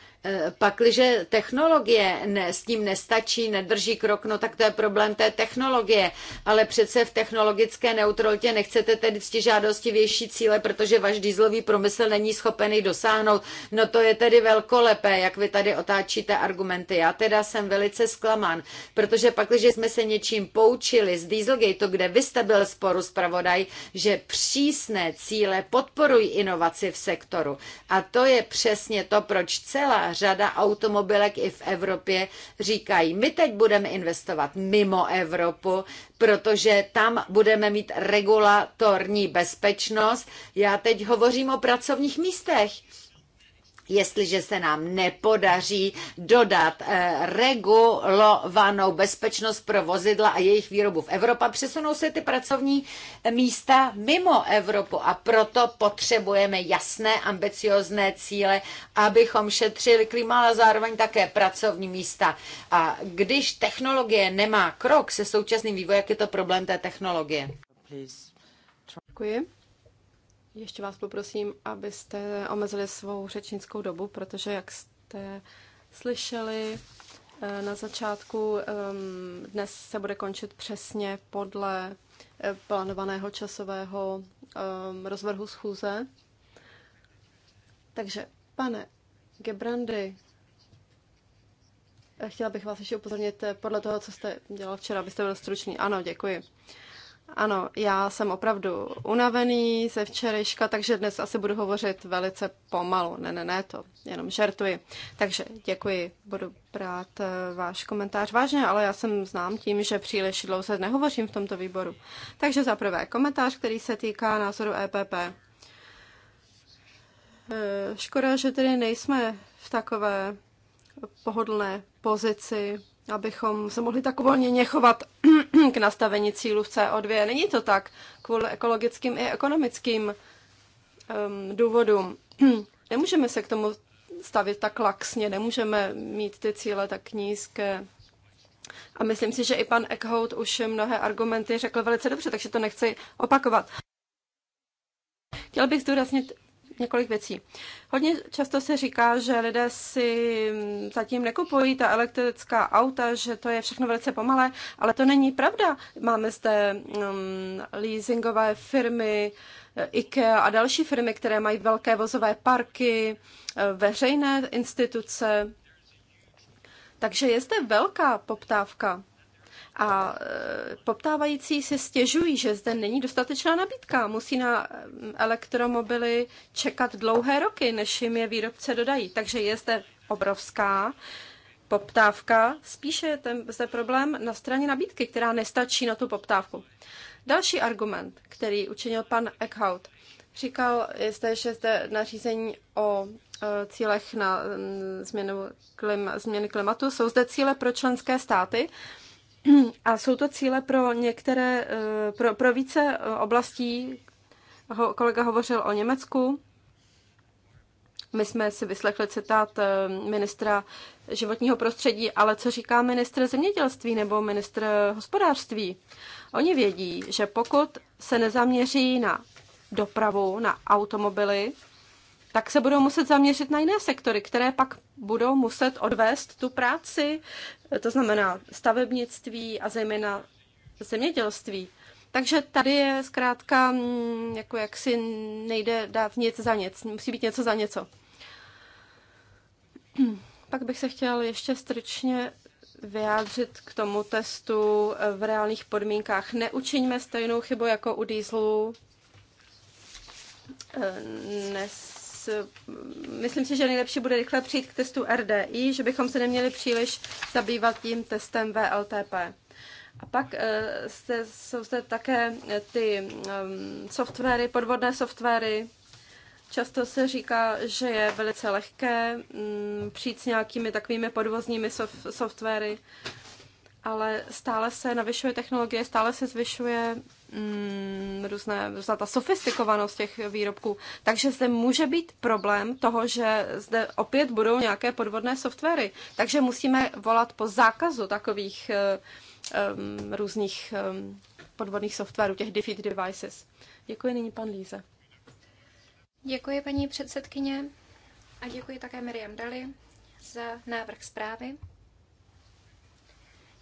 Pakliže technologie ne, s tím nestačí, nedrží krok, no tak to je problém té technologie. Ale přece v technologické neutralitě nechcete tedy žádostivější cíle, protože váš dýzlový promysl není schopen jich dosáhnout. No to je tedy velkolepé, jak vy tady otáčíte argumenty. Já teda jsem velice zklamán, protože pakliže jsme se něčím poučili z Dieselgate, kde vy jste byl sporu zpravodaj, že přísné cíle podporují inovaci v sektoru. A to je přesně to, proč celá řada automobilek i v Evropě říkají, my teď budeme investovat mimo Evropu, protože tam budeme mít regulatorní bezpečnost. Já teď hovořím o pracovních místech jestliže se nám nepodaří dodat eh, regulovanou bezpečnost pro vozidla a jejich výrobu v Evropa, přesunou se ty pracovní místa mimo Evropu a proto potřebujeme jasné, ambiciozné cíle, abychom šetřili klima, ale zároveň také pracovní místa. A když technologie nemá krok se současným vývojem, jak je to problém té technologie? Děkuji. Ještě vás poprosím, abyste omezili svou řečnickou dobu, protože jak jste slyšeli eh, na začátku, ehm, dnes se bude končit přesně podle eh, plánovaného časového ehm, rozvrhu schůze. Takže, pane Gebrandy, eh, chtěla bych vás ještě upozornit podle toho, co jste dělal včera, abyste byl stručný. Ano, děkuji. Ano, já jsem opravdu unavený ze včerejška, takže dnes asi budu hovořit velice pomalu. Ne, ne, ne, to jenom žertuji. Takže děkuji, budu brát eh, váš komentář vážně, ale já jsem znám tím, že příliš dlouze nehovořím v tomto výboru. Takže za prvé komentář, který se týká názoru EPP. Eh, škoda, že tedy nejsme v takové pohodlné pozici, abychom se mohli tak volně chovat k nastavení cílů v CO2. Není to tak kvůli ekologickým i ekonomickým um, důvodům. Nemůžeme se k tomu stavit tak laxně, nemůžeme mít ty cíle tak nízké. A myslím si, že i pan Eckhout už mnohé argumenty řekl velice dobře, takže to nechci opakovat. Chtěl bych zdůraznit několik věcí. Hodně často se říká, že lidé si zatím nekupují ta elektrická auta, že to je všechno velice pomalé, ale to není pravda. Máme zde um, leasingové firmy, eh, IKEA a další firmy, které mají velké vozové parky, eh, veřejné instituce. Takže je zde velká poptávka. A e, poptávající si stěžují, že zde není dostatečná nabídka. Musí na elektromobily čekat dlouhé roky, než jim je výrobce dodají. Takže je zde obrovská poptávka. Spíše je ten, zde problém na straně nabídky, která nestačí na tu poptávku. Další argument, který učinil pan Eckhout, říkal, zde, že zde nařízení o e, cílech na změnu klim, změny klimatu. Jsou zde cíle pro členské státy. A jsou to cíle pro některé, eh, pro, pro více eh, oblastí. Ho, kolega hovořil o Německu. My jsme si vyslechli citát eh, ministra životního prostředí, ale co říká ministr zemědělství nebo ministr hospodářství? Oni vědí, že pokud se nezaměří na dopravu, na automobily, tak se budou muset zaměřit na jiné sektory, které pak budou muset odvést tu práci, to znamená stavebnictví a zejména zemědělství. Takže tady je zkrátka, mm, jako jak si nejde dát nic za nic, musí být něco za něco. Pak bych se chtěl ještě stručně vyjádřit k tomu testu v reálných podmínkách. Neučiňme stejnou chybu jako u dýzlu. Nes, myslím si, že nejlepší bude rychle přijít k testu RDI, že bychom se neměli příliš zabývat tím testem VLTP. A pak jste, eh, jsou zde také eh, ty mm, softwary, podvodné softwary. Často se říká, že je velice lehké mm, přijít s nějakými takovými podvozními softwary ale stále se navyšuje technologie, stále se zvyšuje mm, různé, různá ta sofistikovanost těch výrobků. Takže zde může být problém toho, že zde opět budou nějaké podvodné softwary. Takže musíme volat po zákazu takových um, různých um, podvodných softwarů, těch defeat devices. Děkuji nyní pan Líze. Děkuji paní předsedkyně a děkuji také Miriam Dali za návrh zprávy.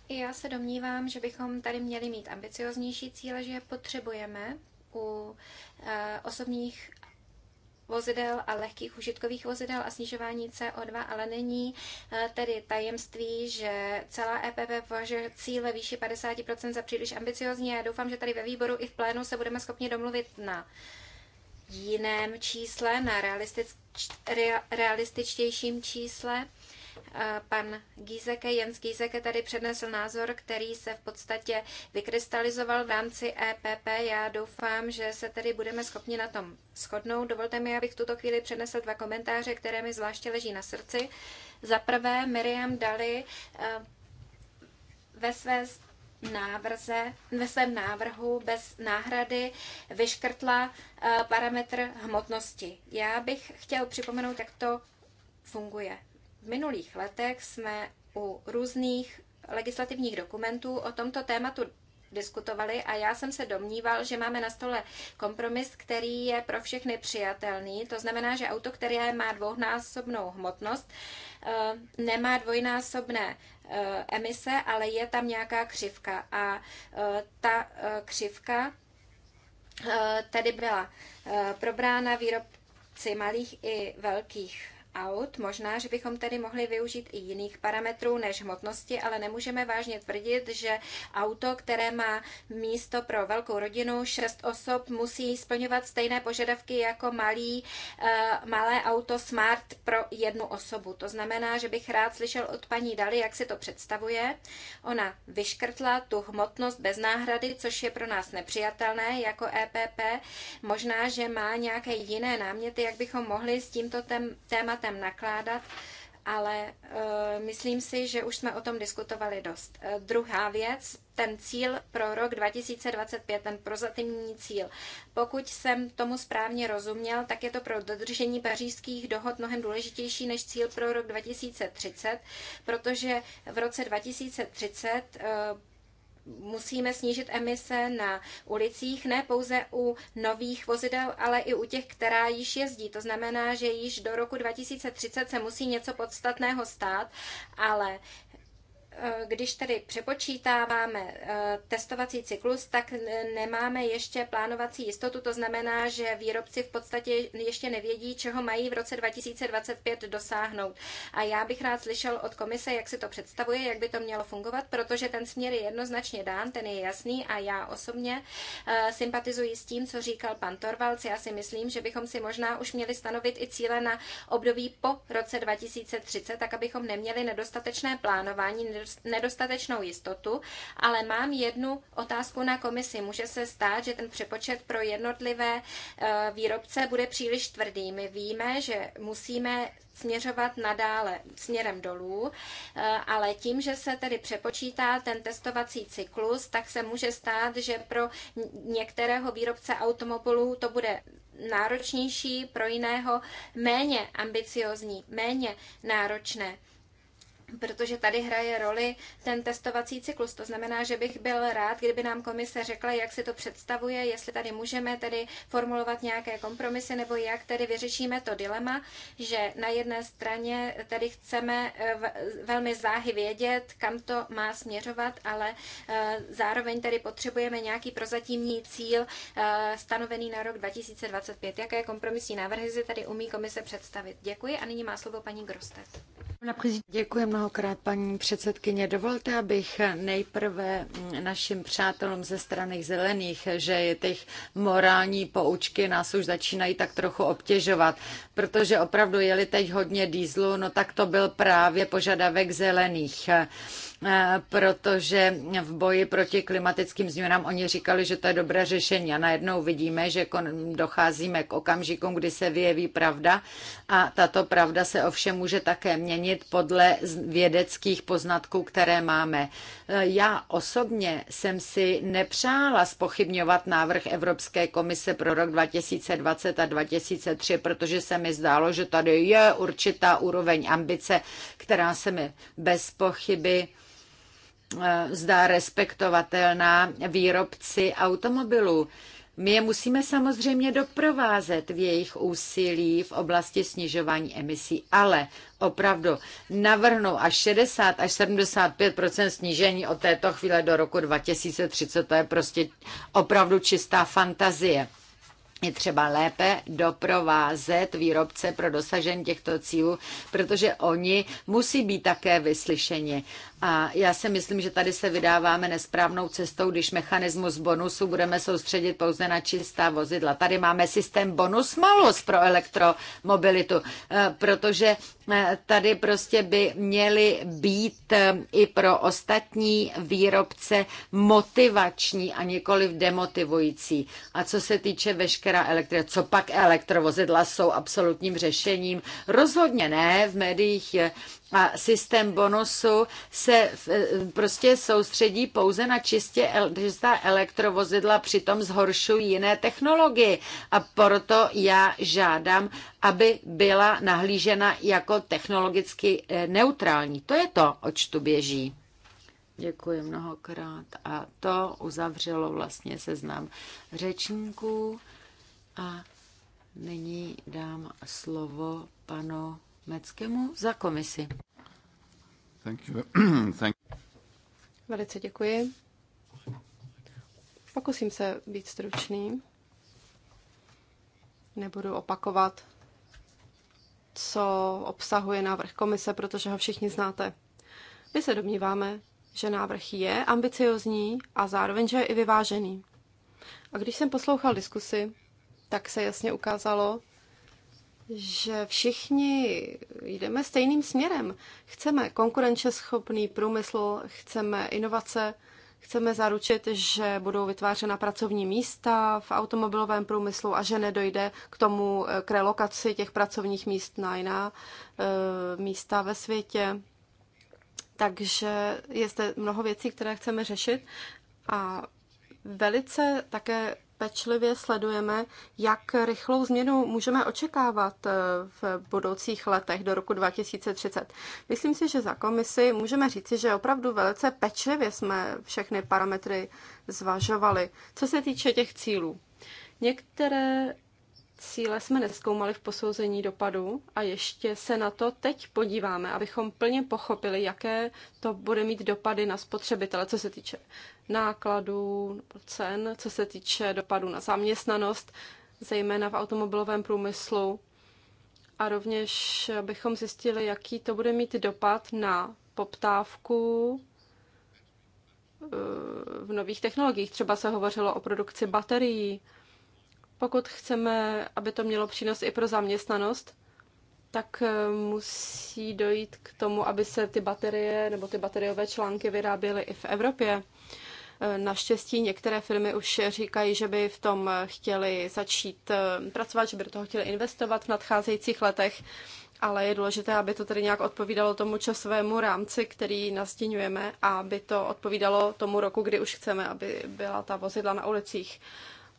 I já se domnívám, že bychom tady měli mít ambicioznější cíle, že je potřebujeme u eh, osobních vozidel a lehkých užitkových vozidel a snižování CO2, ale není eh, tedy tajemství, že celá EPP považuje cíle výši 50% za příliš ambiciozní a já doufám, že tady ve výboru i v plénu se budeme schopni domluvit na jiném čísle, na realističtějším čísle. Eh, pan Gízeke, Jens Gízeke tady přednesl názor, který se v podstatě vykrystalizoval v rámci EPP. Já doufám, že se tedy budeme schopni na tom shodnout. Dovolte mi, abych v tuto chvíli přednesl dva komentáře, které mi zvláště leží na srdci. Za prvé, Miriam Dali eh, ve své návrze, ve svém návrhu bez náhrady vyškrtla eh, parametr hmotnosti. Já bych chtěl připomenout, jak to funguje. V minulých letech jsme u různých legislativních dokumentů o tomto tématu diskutovali a já jsem se domníval, že máme na stole kompromis, který je pro všechny přijatelný. To znamená, že auto, které má dvounásobnou hmotnost, eh, nemá dvojnásobné eh, emise, ale je tam nějaká křivka. A eh, ta křivka tedy byla probrána výrobci malých i velkých aut. Možná, že bychom tedy mohli využít i jiných parametrů než hmotnosti, ale nemůžeme vážně tvrdit, že auto, které má místo pro velkou rodinu, šest osob, musí splňovat stejné požadavky jako malý, eh, malé auto Smart pro jednu osobu. To znamená, že bych rád slyšel od paní Dali, jak si to představuje. Ona vyškrtla tu hmotnost bez náhrady, což je pro nás nepřijatelné jako EPP. Možná, že má nějaké jiné náměty, jak bychom mohli s tímto tématem tématem nakládat, ale e, myslím si, že už jsme o tom diskutovali dost. E, druhá věc, ten cíl pro rok 2025, ten prozatímní cíl. Pokud jsem tomu správně rozuměl, tak je to pro dodržení pařížských dohod mnohem důležitější než cíl pro rok 2030, protože v roce 2030 musíme snížit emise na ulicích, ne pouze u nových vozidel, ale i u těch, která již jezdí. To znamená, že již do roku 2030 se musí něco podstatného stát, ale Eh, když tedy přepočítáváme eh, testovací cyklus, tak nemáme ještě plánovací jistotu. To znamená, že výrobci v podstatě ještě nevědí, čeho mají v roce 2025 dosáhnout. A já bych rád slyšel od komise, jak si to představuje, jak by to mělo fungovat, protože ten směr je jednoznačně dán, ten je jasný a já osobně eh, sympatizuji s tím, co říkal pan Torvalc. Já si myslím, že bychom si možná už měli stanovit i cíle na období po roce 2030, tak abychom neměli nedostatečné plánování, nedostatečnou jistotu, ale mám jednu otázku na komisi. Může se stát, že ten přepočet pro jednotlivé eh, výrobce bude příliš tvrdý. My víme, že musíme směřovat nadále směrem dolů, eh, ale tím, že se tedy přepočítá ten testovací cyklus, tak se může stát, že pro některého výrobce automobilů to bude náročnější, pro jiného méně ambiciozní, méně náročné protože tady hraje roli ten testovací cyklus. To znamená, že bych byl rád, kdyby nám komise řekla, jak si to představuje, jestli tady můžeme tedy formulovat nějaké kompromisy, nebo jak tedy vyřešíme to dilema, že na jedné straně tady chceme eh, velmi záhy vědět, kam to má směřovat, ale eh, zároveň tady potřebujeme nějaký prozatímní cíl eh, stanovený na rok 2025. Jaké kompromisní návrhy si tady umí komise představit? Děkuji a nyní má slovo paní Grostet. Děkuji mnohokrát, paní předsedkyně. Dovolte, abych nejprve našim přátelům ze strany zelených, že těch morální poučky nás už začínají tak trochu obtěžovat, protože opravdu jeli teď hodně dýzlu, no tak to byl právě požadavek zelených Eh, protože v boji proti klimatickým změnám oni říkali, že to je dobré řešení a najednou vidíme, že docházíme k okamžikům, kdy se vyjeví pravda a tato pravda se ovšem může také měnit podle vědeckých poznatků, které máme. Eh, já osobně jsem si nepřála spochybňovat návrh Evropské komise pro rok 2020 a 2003, protože se mi zdálo, že tady je určitá úroveň ambice, která se mi bez pochyby Eh, zdá respektovatelná výrobci automobilů. My je musíme samozřejmě doprovázet v jejich úsilí v oblasti snižování emisí, ale opravdu navrhnou až 60 až 75 snížení od této chvíle do roku 2030. To je prostě opravdu čistá fantazie je třeba lépe doprovázet výrobce pro dosažení těchto cílů, protože oni musí být také vyslyšeni. A já si myslím, že tady se vydáváme nesprávnou cestou, když mechanismus bonusu budeme soustředit pouze na čistá vozidla. Tady máme systém bonus malus pro elektromobilitu, eh, protože eh, tady prostě by měly být eh, i pro ostatní výrobce motivační a nikoli demotivující. A co se týče veškerá elektro, co pak elektrovozidla jsou absolutním řešením? Rozhodně ne, v médiích je a systém bonusu se se eh, prostě soustředí pouze na čistě čistá elektrovozidla, přitom zhoršují jiné technologie. A proto já žádám, aby byla nahlížena jako technologicky eh, neutrální. To je to, oč tu běží. Děkuji mnohokrát. A to uzavřelo vlastně seznam řečníků. A nyní dám slovo panu Meckému za komisi. Velice děkuji. Pokusím se být stručný. Nebudu opakovat, co obsahuje návrh komise, protože ho všichni znáte. My se domníváme, že návrh je ambiciozní a zároveň, že je i vyvážený. A když jsem poslouchal diskusy, tak se jasně ukázalo, že všichni jdeme stejným směrem. Chceme konkurenčeschopný průmysl, chceme inovace, chceme zaručit, že budou vytvářena pracovní místa v automobilovém průmyslu a že nedojde k tomu eh, k relokaci těch pracovních míst na jiná eh, místa ve světě. Takže je zde mnoho věcí, které chceme řešit a velice také pečlivě sledujeme, jak rychlou změnu můžeme očekávat eh, v budoucích letech do roku 2030. Myslím si, že za komisi můžeme říci, že opravdu velice pečlivě jsme všechny parametry zvažovali. Co se týče těch cílů, některé cíle jsme neskoumali v posouzení dopadu a ještě se na to teď podíváme, abychom plně pochopili, jaké to bude mít dopady na spotřebitele, co se týče nákladů, cen, co se týče dopadu na zaměstnanost, zejména v automobilovém průmyslu. A rovněž bychom zjistili, jaký to bude mít dopad na poptávku eh, v nových technologiích. Třeba se hovořilo o produkci baterií, pokud chceme, aby to mělo přínos i pro zaměstnanost, tak eh, musí dojít k tomu, aby se ty baterie nebo ty bateriové články vyráběly i v Evropě. Eh, naštěstí některé firmy už říkají, že by v tom chtěli začít eh, pracovat, že by do toho chtěli investovat v nadcházejících letech, ale je důležité, aby to tedy nějak odpovídalo tomu časovému rámci, který nastěňujeme a aby to odpovídalo tomu roku, kdy už chceme, aby byla ta vozidla na ulicích.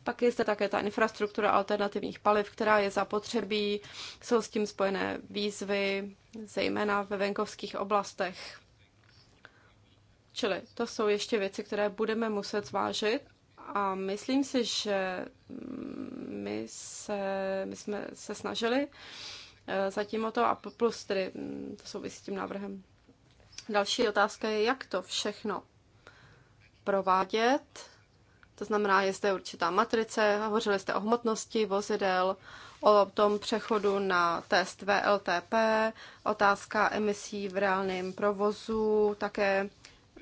Pak je zde také ta infrastruktura alternativních paliv, která je zapotřebí. Jsou s tím spojené výzvy, zejména ve venkovských oblastech. Čili to jsou ještě věci, které budeme muset zvážit a myslím si, že my, se, my jsme se snažili eh, zatím o to a plus tedy mm, to souvisí s tím návrhem. Další otázka je, jak to všechno provádět to znamená, je zde určitá matrice, hovořili jste o hmotnosti vozidel, o tom přechodu na test VLTP, otázka emisí v reálném provozu, také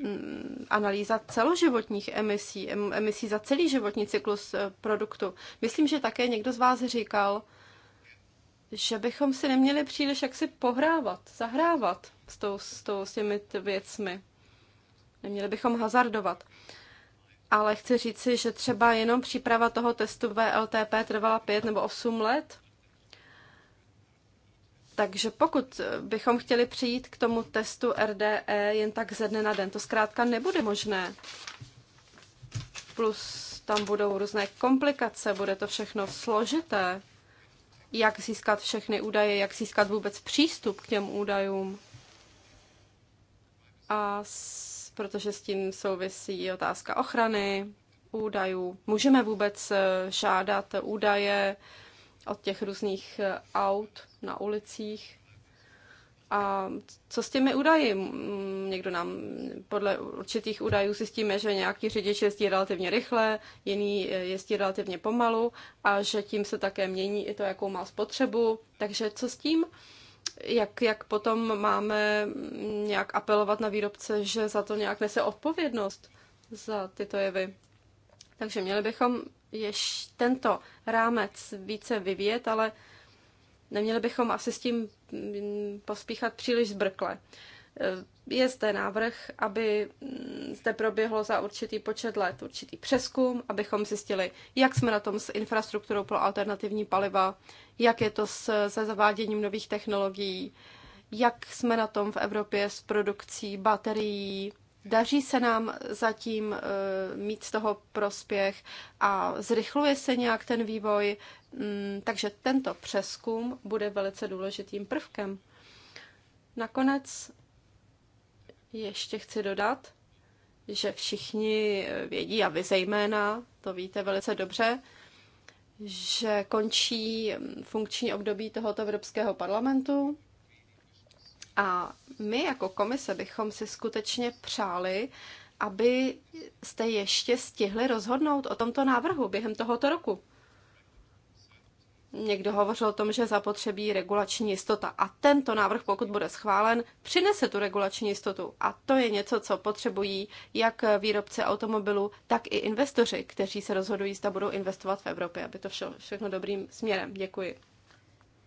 mm, analýza celoživotních emisí, emisí za celý životní cyklus eh, produktu. Myslím, že také někdo z vás říkal, že bychom si neměli příliš jaksi pohrávat, zahrávat s, tou, s, tou, s těmi věcmi. Neměli bychom hazardovat. Uh, ale chci říci, že třeba jenom příprava toho testu VLTP trvala 5 nebo 8 let. Takže pokud bychom chtěli přijít k tomu testu RDE jen tak ze dne na den, to zkrátka nebude možné. Plus tam budou různé komplikace, bude to všechno složité. Jak získat všechny údaje, jak získat vůbec přístup k těm údajům. A protože s tím souvisí otázka ochrany údajů. Můžeme vůbec eh, žádat údaje od těch různých eh, aut na ulicích? A co s těmi údaji? Někdo nám podle určitých údajů zjistíme, že nějaký řidič jezdí relativně rychle, jiný eh, jezdí relativně pomalu a že tím se také mění i to, jakou má spotřebu. Takže co s tím? jak, jak potom máme nějak apelovat na výrobce, že za to nějak nese odpovědnost za tyto jevy. Takže měli bychom ještě tento rámec více vyvíjet, ale neměli bychom asi s tím mm, pospíchat příliš zbrkle je zde návrh, aby mm, zde proběhlo za určitý počet let určitý přeskum, abychom zjistili, jak jsme na tom s infrastrukturou pro alternativní paliva, jak je to s, se zaváděním nových technologií, jak jsme na tom v Evropě s produkcí baterií. Daří se nám zatím e, mít z toho prospěch a zrychluje se nějak ten vývoj, mm, takže tento přeskum bude velice důležitým prvkem. Nakonec ještě chci dodat, že všichni vědí, a vy zejména, to víte velice dobře, že končí mm, funkční období tohoto Evropského parlamentu a my jako komise bychom si skutečně přáli, aby jste ještě stihli rozhodnout o tomto návrhu během tohoto roku. Někdo hovořil o tom, že zapotřebí regulační jistota a tento návrh, pokud bude schválen, přinese tu regulační jistotu a to je něco, co potřebují jak výrobci automobilů, tak i investoři, kteří se rozhodují, zda budou investovat v Evropě, aby to šlo všechno dobrým směrem. Děkuji.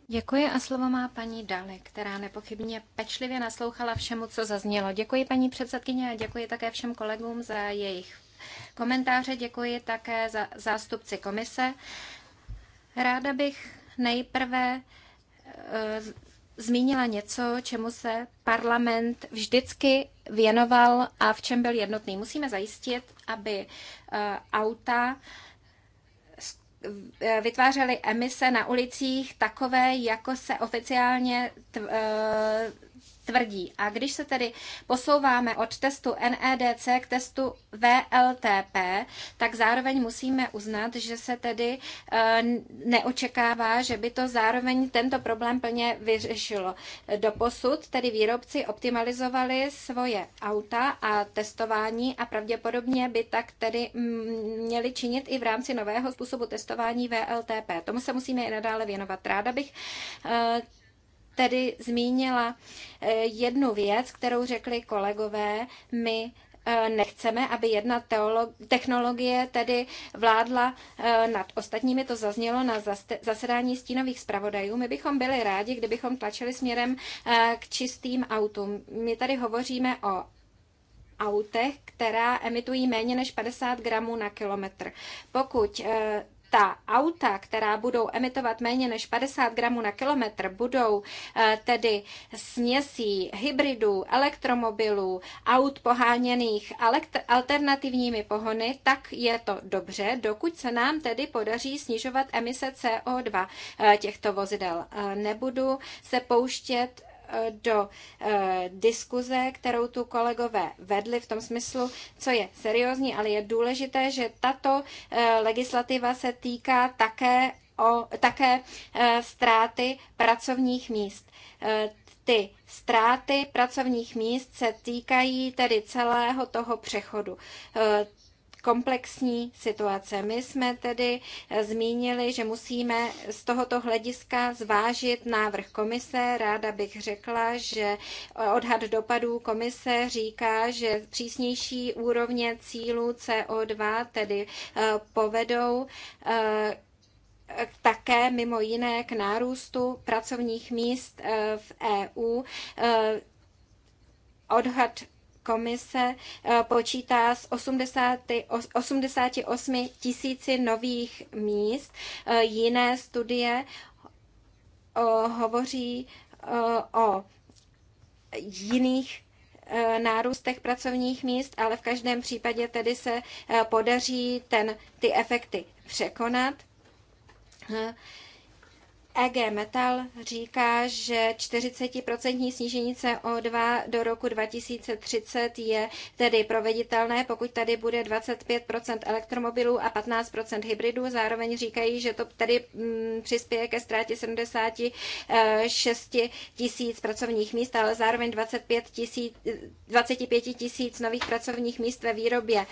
Děkuji a slovo má paní Dali, která nepochybně pečlivě naslouchala všemu, co zaznělo. Děkuji paní předsedkyně a děkuji také všem kolegům za jejich komentáře. Děkuji také za zástupci komise. Ráda bych nejprve eh, zmínila něco, čemu se parlament vždycky věnoval a v čem byl jednotný. Musíme zajistit, aby eh, auta eh, vytvářely emise na ulicích takové, jako se oficiálně tvrdí. A když se tedy posouváme od testu NEDC k testu VLTP, tak zároveň musíme uznat, že se tedy e, neočekává, že by to zároveň tento problém plně vyřešilo. Doposud tedy výrobci optimalizovali svoje auta a testování a pravděpodobně by tak tedy měli činit i v rámci nového způsobu testování VLTP. Tomu se musíme i nadále věnovat. Ráda bych e, tedy zmínila eh, jednu věc, kterou řekli kolegové. My eh, nechceme, aby jedna technologie tedy vládla eh, nad ostatními. To zaznělo na zasedání stínových zpravodajů. My bychom byli rádi, kdybychom tlačili směrem k čistým autům. My tady hovoříme o autech, která emitují méně než 50 gramů na kilometr. Pokud ta auta, která budou emitovat méně než 50 gramů na kilometr, budou eh, tedy směsí hybridů, elektromobilů, aut poháněných alternativními pohony, tak je to dobře, dokud se nám tedy podaří snižovat emise CO2 eh, těchto vozidel. Eh, nebudu se pouštět do eh, diskuze, kterou tu kolegové vedli v tom smyslu, co je seriózní, ale je důležité, že tato eh, legislativa se týká také, o, také eh, ztráty pracovních míst. Ty ztráty pracovních míst se týkají tedy celého toho přechodu komplexní situace. My jsme tedy eh, zmínili, že musíme z tohoto hlediska zvážit návrh komise. Ráda bych řekla, že eh, odhad dopadů komise říká, že přísnější úrovně cílů CO2 tedy eh, povedou také mimo jiné k nárůstu pracovních míst v EU. Odhad komise eh, počítá s 80, 88 tisíci nových míst. Eh, jiné studie eh, hovoří o jiných nárůstech pracovních míst, ale v každém případě tedy se podaří ten, ty efekty překonat. EG Metal říká, že 40% snížení CO2 do roku 2030 je tedy proveditelné, pokud tady bude 25% elektromobilů a 15% hybridů. Zároveň říkají, že to tedy mm, přispěje ke ztrátě 76 tisíc pracovních míst, ale zároveň 25 tisíc, 25 tisíc nových pracovních míst ve výrobě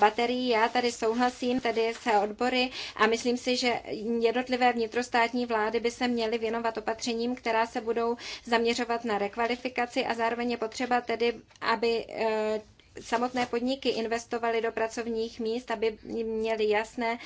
baterií. Já tady souhlasím tedy se odbory a myslím si, že jednotlivé vnitrostátní vlády by se měli věnovat opatřením, která se budou zaměřovat na rekvalifikaci a zároveň je potřeba tedy, aby eh, samotné podniky investovaly do pracovních míst, aby měly jasné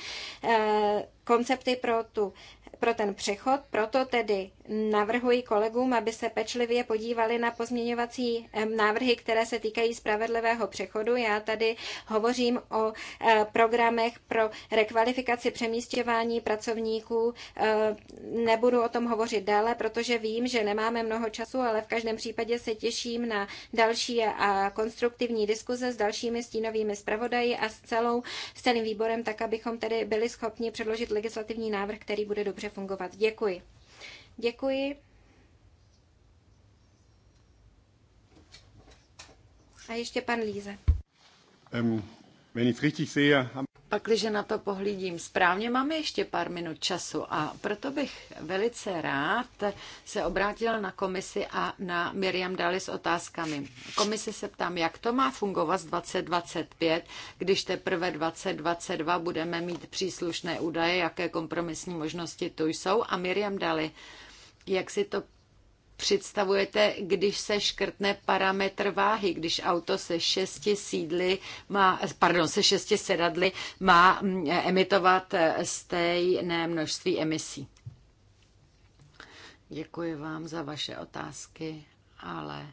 eh, koncepty pro tu pro ten přechod, proto tedy navrhuji kolegům, aby se pečlivě podívali na pozměňovací návrhy, které se týkají spravedlivého přechodu. Já tady hovořím o e, programech pro rekvalifikaci přemístěvání pracovníků. E, nebudu o tom hovořit déle, protože vím, že nemáme mnoho času, ale v každém případě se těším na další a konstruktivní diskuze s dalšími stínovými zpravodaji a s, celou, s celým výborem, tak abychom tedy byli schopni předložit legislativní návrh, který bude dobrý dobře fungovat. Děkuji. Děkuji. A ještě pan Líze. Um, wenn ich richtig sehe, Pakliže na to pohlídím správně, máme ještě pár minut času a proto bych velice rád se obrátila na komisi a na Miriam Dali s otázkami. Komise se ptám, jak to má fungovat z 2025, když teprve 2022 budeme mít příslušné údaje, jaké kompromisní možnosti tu jsou. A Miriam Dali, jak si to představujete, když se škrtne parametr váhy, když auto se šesti sídly má, pardon, se šesti sedadly má mm, emitovat stejné množství emisí? Děkuji vám za vaše otázky, ale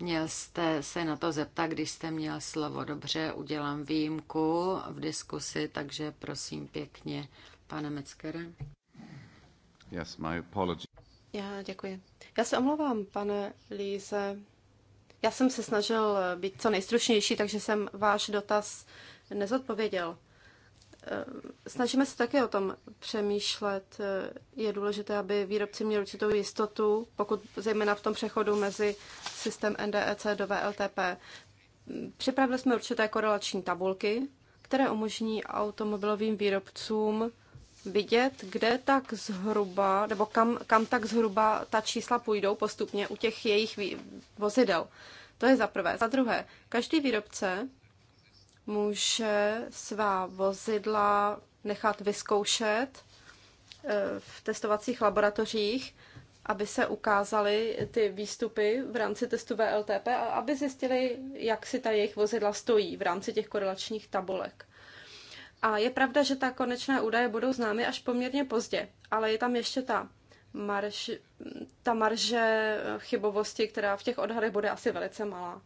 Měl jste se na to zeptat, když jste měl slovo. Dobře, udělám výjimku v diskusi, takže prosím pěkně, pane Metzger. Yes, my apologies. Já děkuji. Já se omlouvám, pane Líze. Já jsem se snažil eh, být co nejstručnější, takže jsem váš dotaz nezodpověděl. Eh, snažíme se také o tom přemýšlet. Eh, je důležité, aby výrobci měli určitou jistotu, pokud zejména v tom přechodu mezi systém NDEC do VLTP. Připravili jsme určité korelační tabulky, které umožní automobilovým výrobcům vidět, kde tak zhruba, nebo kam, kam tak zhruba ta čísla půjdou postupně u těch jejich vozidel. To je za prvé. Za druhé, každý výrobce může svá vozidla nechat vyzkoušet eh, v testovacích laboratořích, aby se ukázaly ty výstupy v rámci testu VLTP a aby zjistili, jak si ta jejich vozidla stojí v rámci těch korelačních tabulek. A je pravda, že ta konečné údaje budou známy až poměrně pozdě, ale je tam ještě ta marž, ta marže chybovosti, která v těch odhadech bude asi velice malá.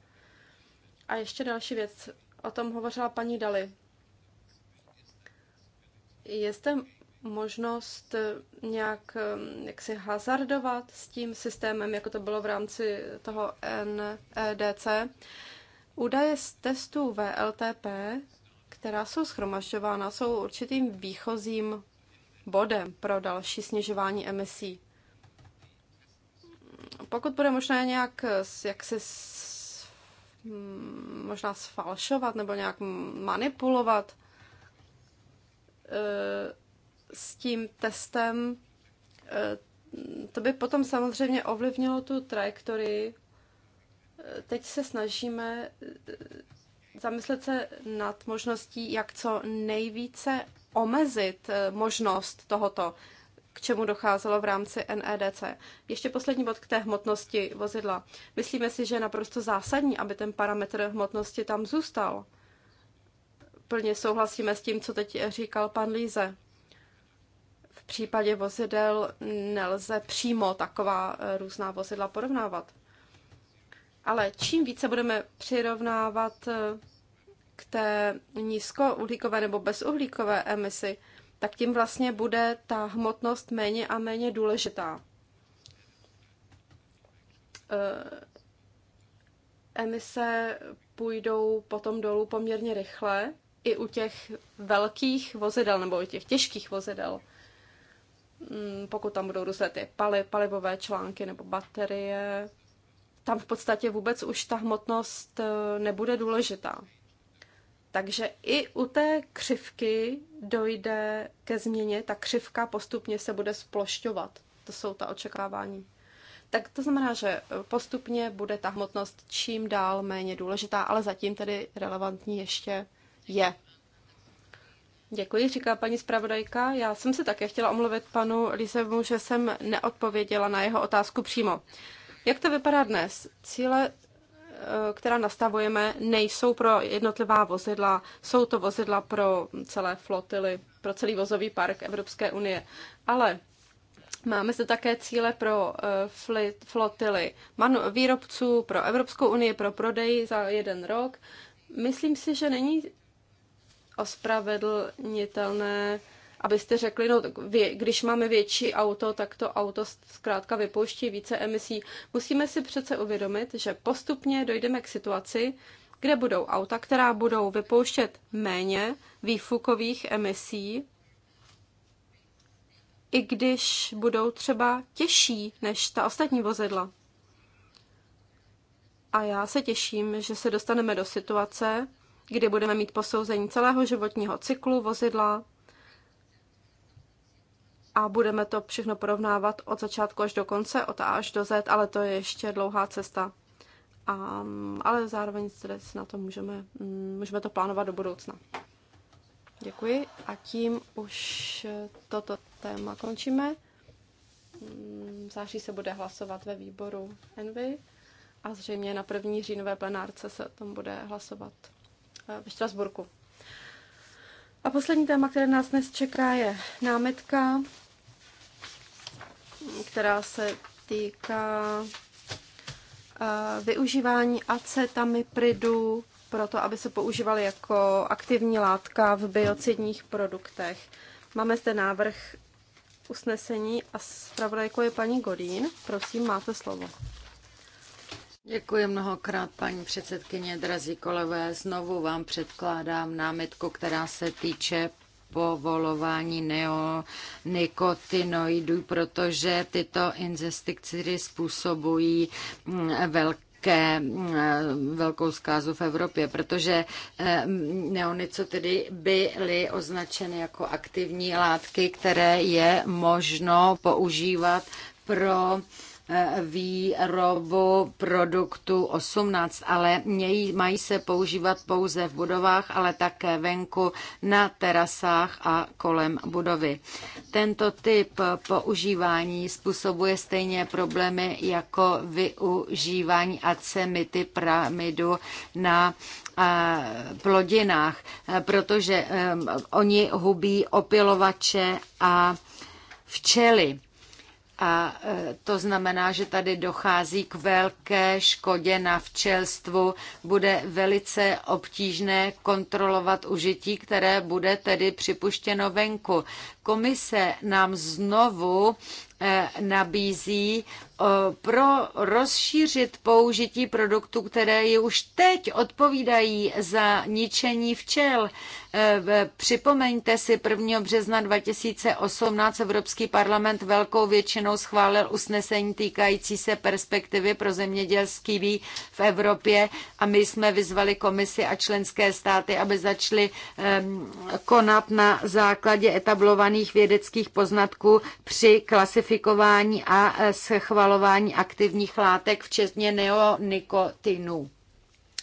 A ještě další věc, o tom hovořila paní Dali. Je zde možnost nějak um, jak si hazardovat s tím systémem, jako to bylo v rámci toho NEDC. Údaje z testů VLTP která jsou schromažďována, jsou určitým výchozím bodem pro další snižování emisí. Pokud bude možné nějak jak se možná sfalšovat nebo nějak manipulovat eh, s tím testem, eh, to by potom samozřejmě ovlivnilo tu trajektorii. Eh, teď se snažíme zamyslet se nad možností, jak co nejvíce omezit eh, možnost tohoto, k čemu docházelo v rámci NEDC. Ještě poslední bod k té hmotnosti vozidla. Myslíme si, že je naprosto zásadní, aby ten parametr hmotnosti tam zůstal. Plně souhlasíme s tím, co teď říkal pan Líze. V případě vozidel nelze přímo taková eh, různá vozidla porovnávat. Ale čím více budeme přirovnávat eh, k té nízkouhlíkové nebo bezuhlíkové emisi, tak tím vlastně bude ta hmotnost méně a méně důležitá. E, emise půjdou potom dolů poměrně rychle, i u těch velkých vozidel nebo u těch těžkých vozidel, mm, pokud tam budou různé ty pali, palivové články nebo baterie, tam v podstatě vůbec už ta hmotnost e, nebude důležitá. Takže i u té křivky dojde ke změně, ta křivka postupně se bude splošťovat. To jsou ta očekávání. Tak to znamená, že postupně bude ta hmotnost čím dál méně důležitá, ale zatím tedy relevantní ještě je. Děkuji, říká paní zpravodajka. Já jsem se také chtěla omluvit panu Lisevu, že jsem neodpověděla na jeho otázku přímo. Jak to vypadá dnes? Cíle Eh, která nastavujeme, nejsou pro jednotlivá vozidla, jsou to vozidla pro celé flotily, pro celý vozový park Evropské unie. Ale Máme zde také cíle pro eh, flotily výrobců pro Evropskou unii pro prodej za jeden rok. Myslím si, že není ospravedlnitelné abyste řekli, no když máme větší auto, tak to auto zkrátka vypouští více emisí. Musíme si přece uvědomit, že postupně dojdeme k situaci, kde budou auta, která budou vypouštět méně výfukových emisí, i když budou třeba těžší než ta ostatní vozidla. A já se těším, že se dostaneme do situace, kdy budeme mít posouzení celého životního cyklu vozidla, a budeme to všechno porovnávat od začátku až do konce, od A až do Z, ale to je ještě dlouhá cesta. A, ale zároveň si na to můžeme, mm, můžeme to plánovat do budoucna. Děkuji a tím už toto téma končíme. Mm, v září se bude hlasovat ve výboru Envy a zřejmě na první říjnové plenárce se o tom bude hlasovat eh, ve Štrasburku. A poslední téma, které nás dnes čeká, je námitka která se týká eh, využívání acetamipridu pro to, aby se používaly jako aktivní látka v biocidních produktech. Máme zde návrh usnesení a zpravodajkou je paní Godín. Prosím, máte slovo. Děkuji mnohokrát, paní předsedkyně, drazí kolegové. Znovu vám předkládám námitku, která se týče povolování neonikotinoidů, protože tyto inzestikcidy způsobují mm, velké ke mm, velkou zkázu v Evropě, protože mm, neonico tedy byly označeny jako aktivní látky, které je možno používat pro výrobu produktu 18, ale mějí, mají se používat pouze v budovách, ale také venku na terasách a kolem budovy. Tento typ používání způsobuje stejně problémy jako využívání acemity pramidu na eh, plodinách, protože eh, oni hubí opilovače a včely a e, to znamená, že tady dochází k velké škodě na včelstvu. Bude velice obtížné kontrolovat užití, které bude tedy připuštěno venku. Komise nám znovu e, nabízí Eh, pro rozšířit použití produktů, které už teď odpovídají za ničení včel. Eh, připomeňte si, 1. března 2018 Evropský parlament velkou většinou schválil usnesení týkající se perspektivy pro zemědělský ví v Evropě a my jsme vyzvali komisi a členské státy, aby začaly konat na základě etablovaných vědeckých poznatků při klasifikování a eh, schvalování odhalování aktivních látek, včetně neonikotinu.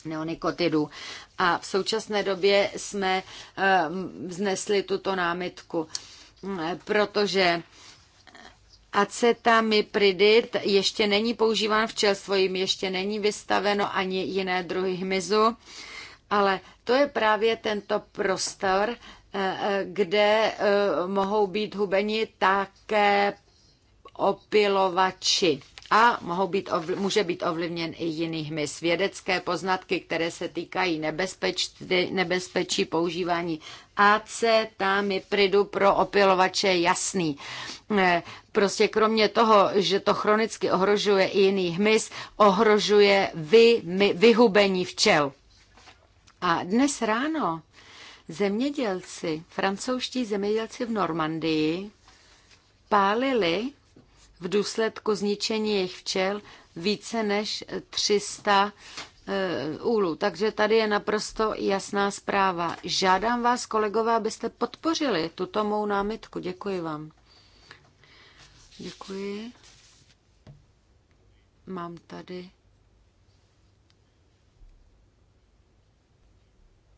neonikotidu. A v současné době jsme ehm, vznesli tuto námitku, protože acetamipridit ještě není používán včelstvo, jim ještě není vystaveno ani jiné druhy hmyzu, ale to je právě tento prostor, e, e, kde e, mohou být hubeni také opilovači a mohou být, může být ovlivněn i jiný hmyz. Vědecké poznatky, které se týkají nebezpeč, nebezpečí používání acetamipridu pro opilovače jasný. Eh, prostě kromě toho, že to chronicky ohrožuje i jiný hmyz, ohrožuje vy, my, vyhubení včel. A dnes ráno zemědělci, francouzští zemědělci v Normandii, pálili v důsledku zničení jejich včel více než 300 eh, úlů. Takže tady je naprosto jasná zpráva. Žádám vás, kolegové, abyste podpořili tuto mou námitku. Děkuji vám. Děkuji. Mám tady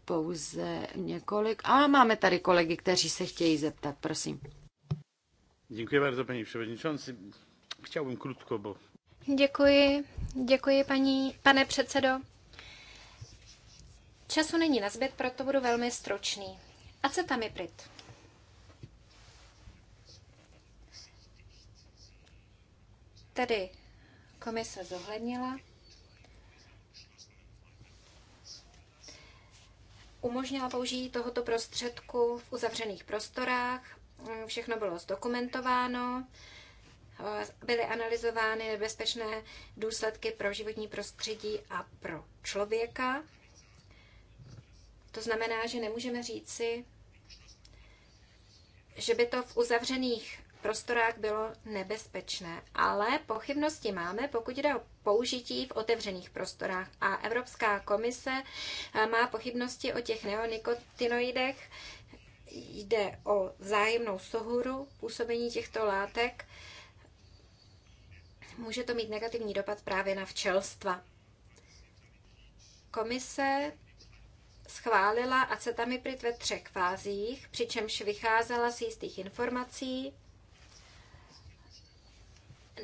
pouze několik. A máme tady kolegy, kteří se chtějí zeptat, prosím. Děkuji bardzo, paní předsedající. Chciałbym krótko, bo... Děkuji, děkuji, paní, pane předsedo. Času není na zbyt, proto budu velmi stručný. Acetamiprid. Tedy komise zohlednila, umožnila použití tohoto prostředku v uzavřených prostorách, Eh, všechno bylo zdokumentováno, eh, byly analyzovány nebezpečné důsledky pro životní prostředí a pro člověka. To znamená, že nemůžeme říci, že by to v uzavřených prostorách bylo nebezpečné, ale pochybnosti máme, pokud jde o použití v otevřených prostorách. A Evropská komise eh, má pochybnosti o těch neonikotinoidech, jde o vzájemnou souhru působení těchto látek, může to mít negativní dopad právě na včelstva. Komise schválila acetamiprid ve třech fázích, přičemž vycházela z jistých informací,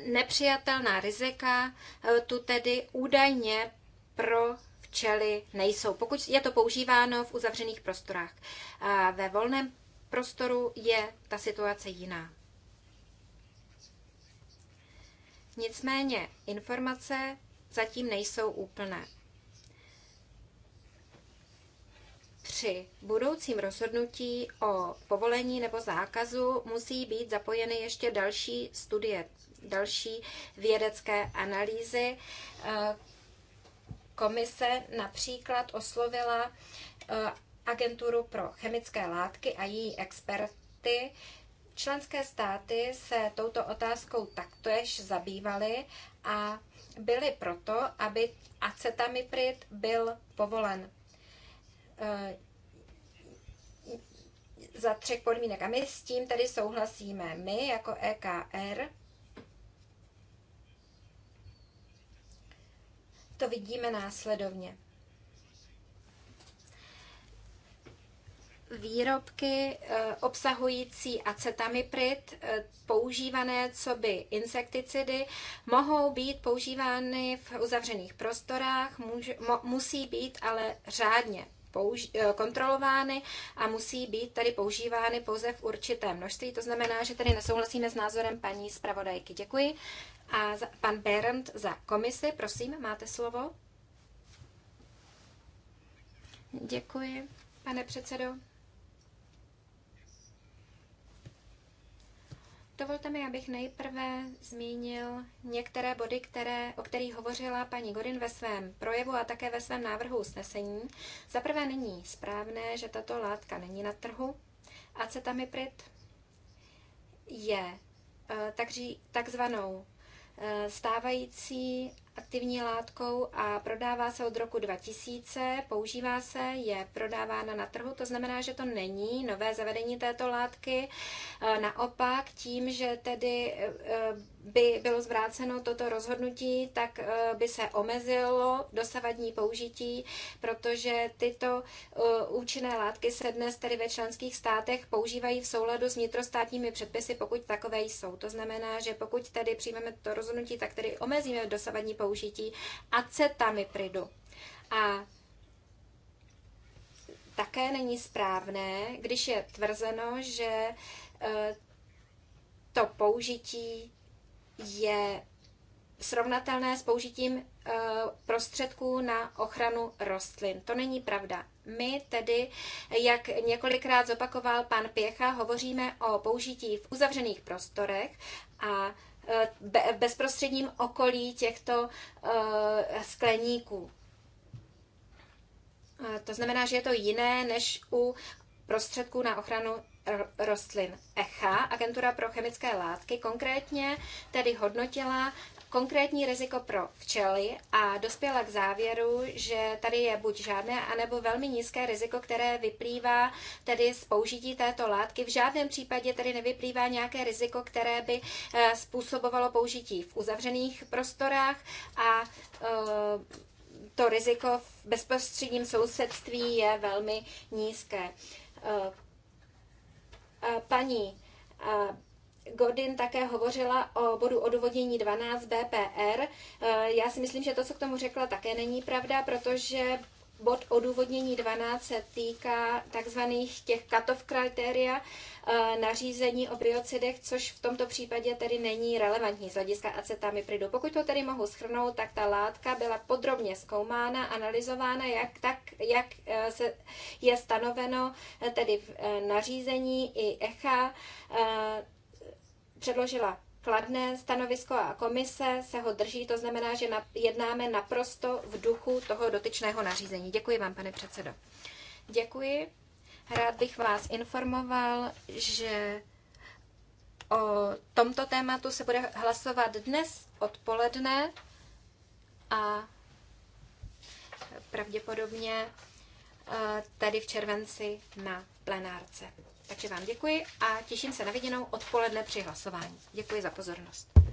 nepřijatelná rizika e, tu tedy údajně pro včely nejsou, pokud je to používáno v uzavřených prostorách. A ve volném prostoru je ta situace jiná. Nicméně informace zatím nejsou úplné. Při budoucím rozhodnutí o povolení nebo zákazu musí být zapojeny ještě další studie, další vědecké analýzy, komise například oslovila eh, agenturu pro chemické látky a její experty. Členské státy se touto otázkou taktéž zabývaly a byly proto, aby acetamiprid byl povolen eh, za třech podmínek. A my s tím tedy souhlasíme. My jako EKR to vidíme následovně. výrobky eh, obsahující acetamiprid, eh, používané co by insekticidy, mohou být používány v uzavřených prostorách, musí být ale řádně Eh, kontrolovány a musí být tady používány pouze v určitém množství. To znamená, že tady nesouhlasíme s názorem paní zpravodajky. Děkuji. A za, pan Bernd za komisi, prosím, máte slovo. Děkuji, pane předsedo. Dovolte mi, abych nejprve zmínil některé body, které, o kterých hovořila paní Godin ve svém projevu a také ve svém návrhu usnesení. Za prvé není správné, že tato látka není na trhu. Acetamiprid je eh, takzvanou eh, stávající aktivní látkou a prodává se od roku 2000, používá se, je prodávána na trhu, to znamená, že to není nové zavedení této látky. E, naopak tím, že tedy e, e, by bylo zvráceno toto rozhodnutí, tak by se omezilo dosavadní použití, protože tyto účinné látky se dnes tedy ve členských státech používají v souladu s vnitrostátními předpisy, pokud takové jsou. To znamená, že pokud tedy přijmeme to rozhodnutí, tak tedy omezíme dosavadní použití použití acetamipridu. A také není správné, když je tvrzeno, že eh, to použití je srovnatelné s použitím eh, prostředků na ochranu rostlin. To není pravda. My tedy, jak několikrát zopakoval pan Pěcha, hovoříme o použití v uzavřených prostorech a Eh, v bezprostředním okolí těchto eh, skleníků. Eh, to znamená, že je to jiné než u prostředků na ochranu rostlin. ECHA, Agentura pro chemické látky, konkrétně tedy hodnotila konkrétní riziko pro včely a dospěla k závěru, že tady je buď žádné, anebo velmi nízké riziko, které vyplývá tedy z použití této látky. V žádném případě tedy nevyplývá nějaké riziko, které by eh, způsobovalo použití v uzavřených prostorách a eh, to riziko v bezprostředním sousedství je velmi nízké. Eh, paní Godin také hovořila o bodu odvodnění 12 BPR. Eh, já si myslím, že to, co k tomu řekla, také není pravda, protože bod odůvodnění 12 se týká takzvaných těch cut kritéria eh, nařízení o biocidech, což v tomto případě tedy není relevantní z hlediska acetamipridu. Pokud to tedy mohu schrnout, tak ta látka byla podrobně zkoumána, analyzována, jak, tak, jak eh, se je stanoveno tedy v nařízení i ECHA předložila kladné stanovisko a komise se ho drží, to znamená, že jednáme naprosto v duchu toho dotyčného nařízení. Děkuji vám, pane předsedo. Děkuji. Rád bych vás informoval, že o tomto tématu se bude hlasovat dnes odpoledne a pravděpodobně eh, tady v červenci na plenárce. Takže vám děkuji a těším se na viděnou odpoledne při hlasování. Děkuji za pozornost.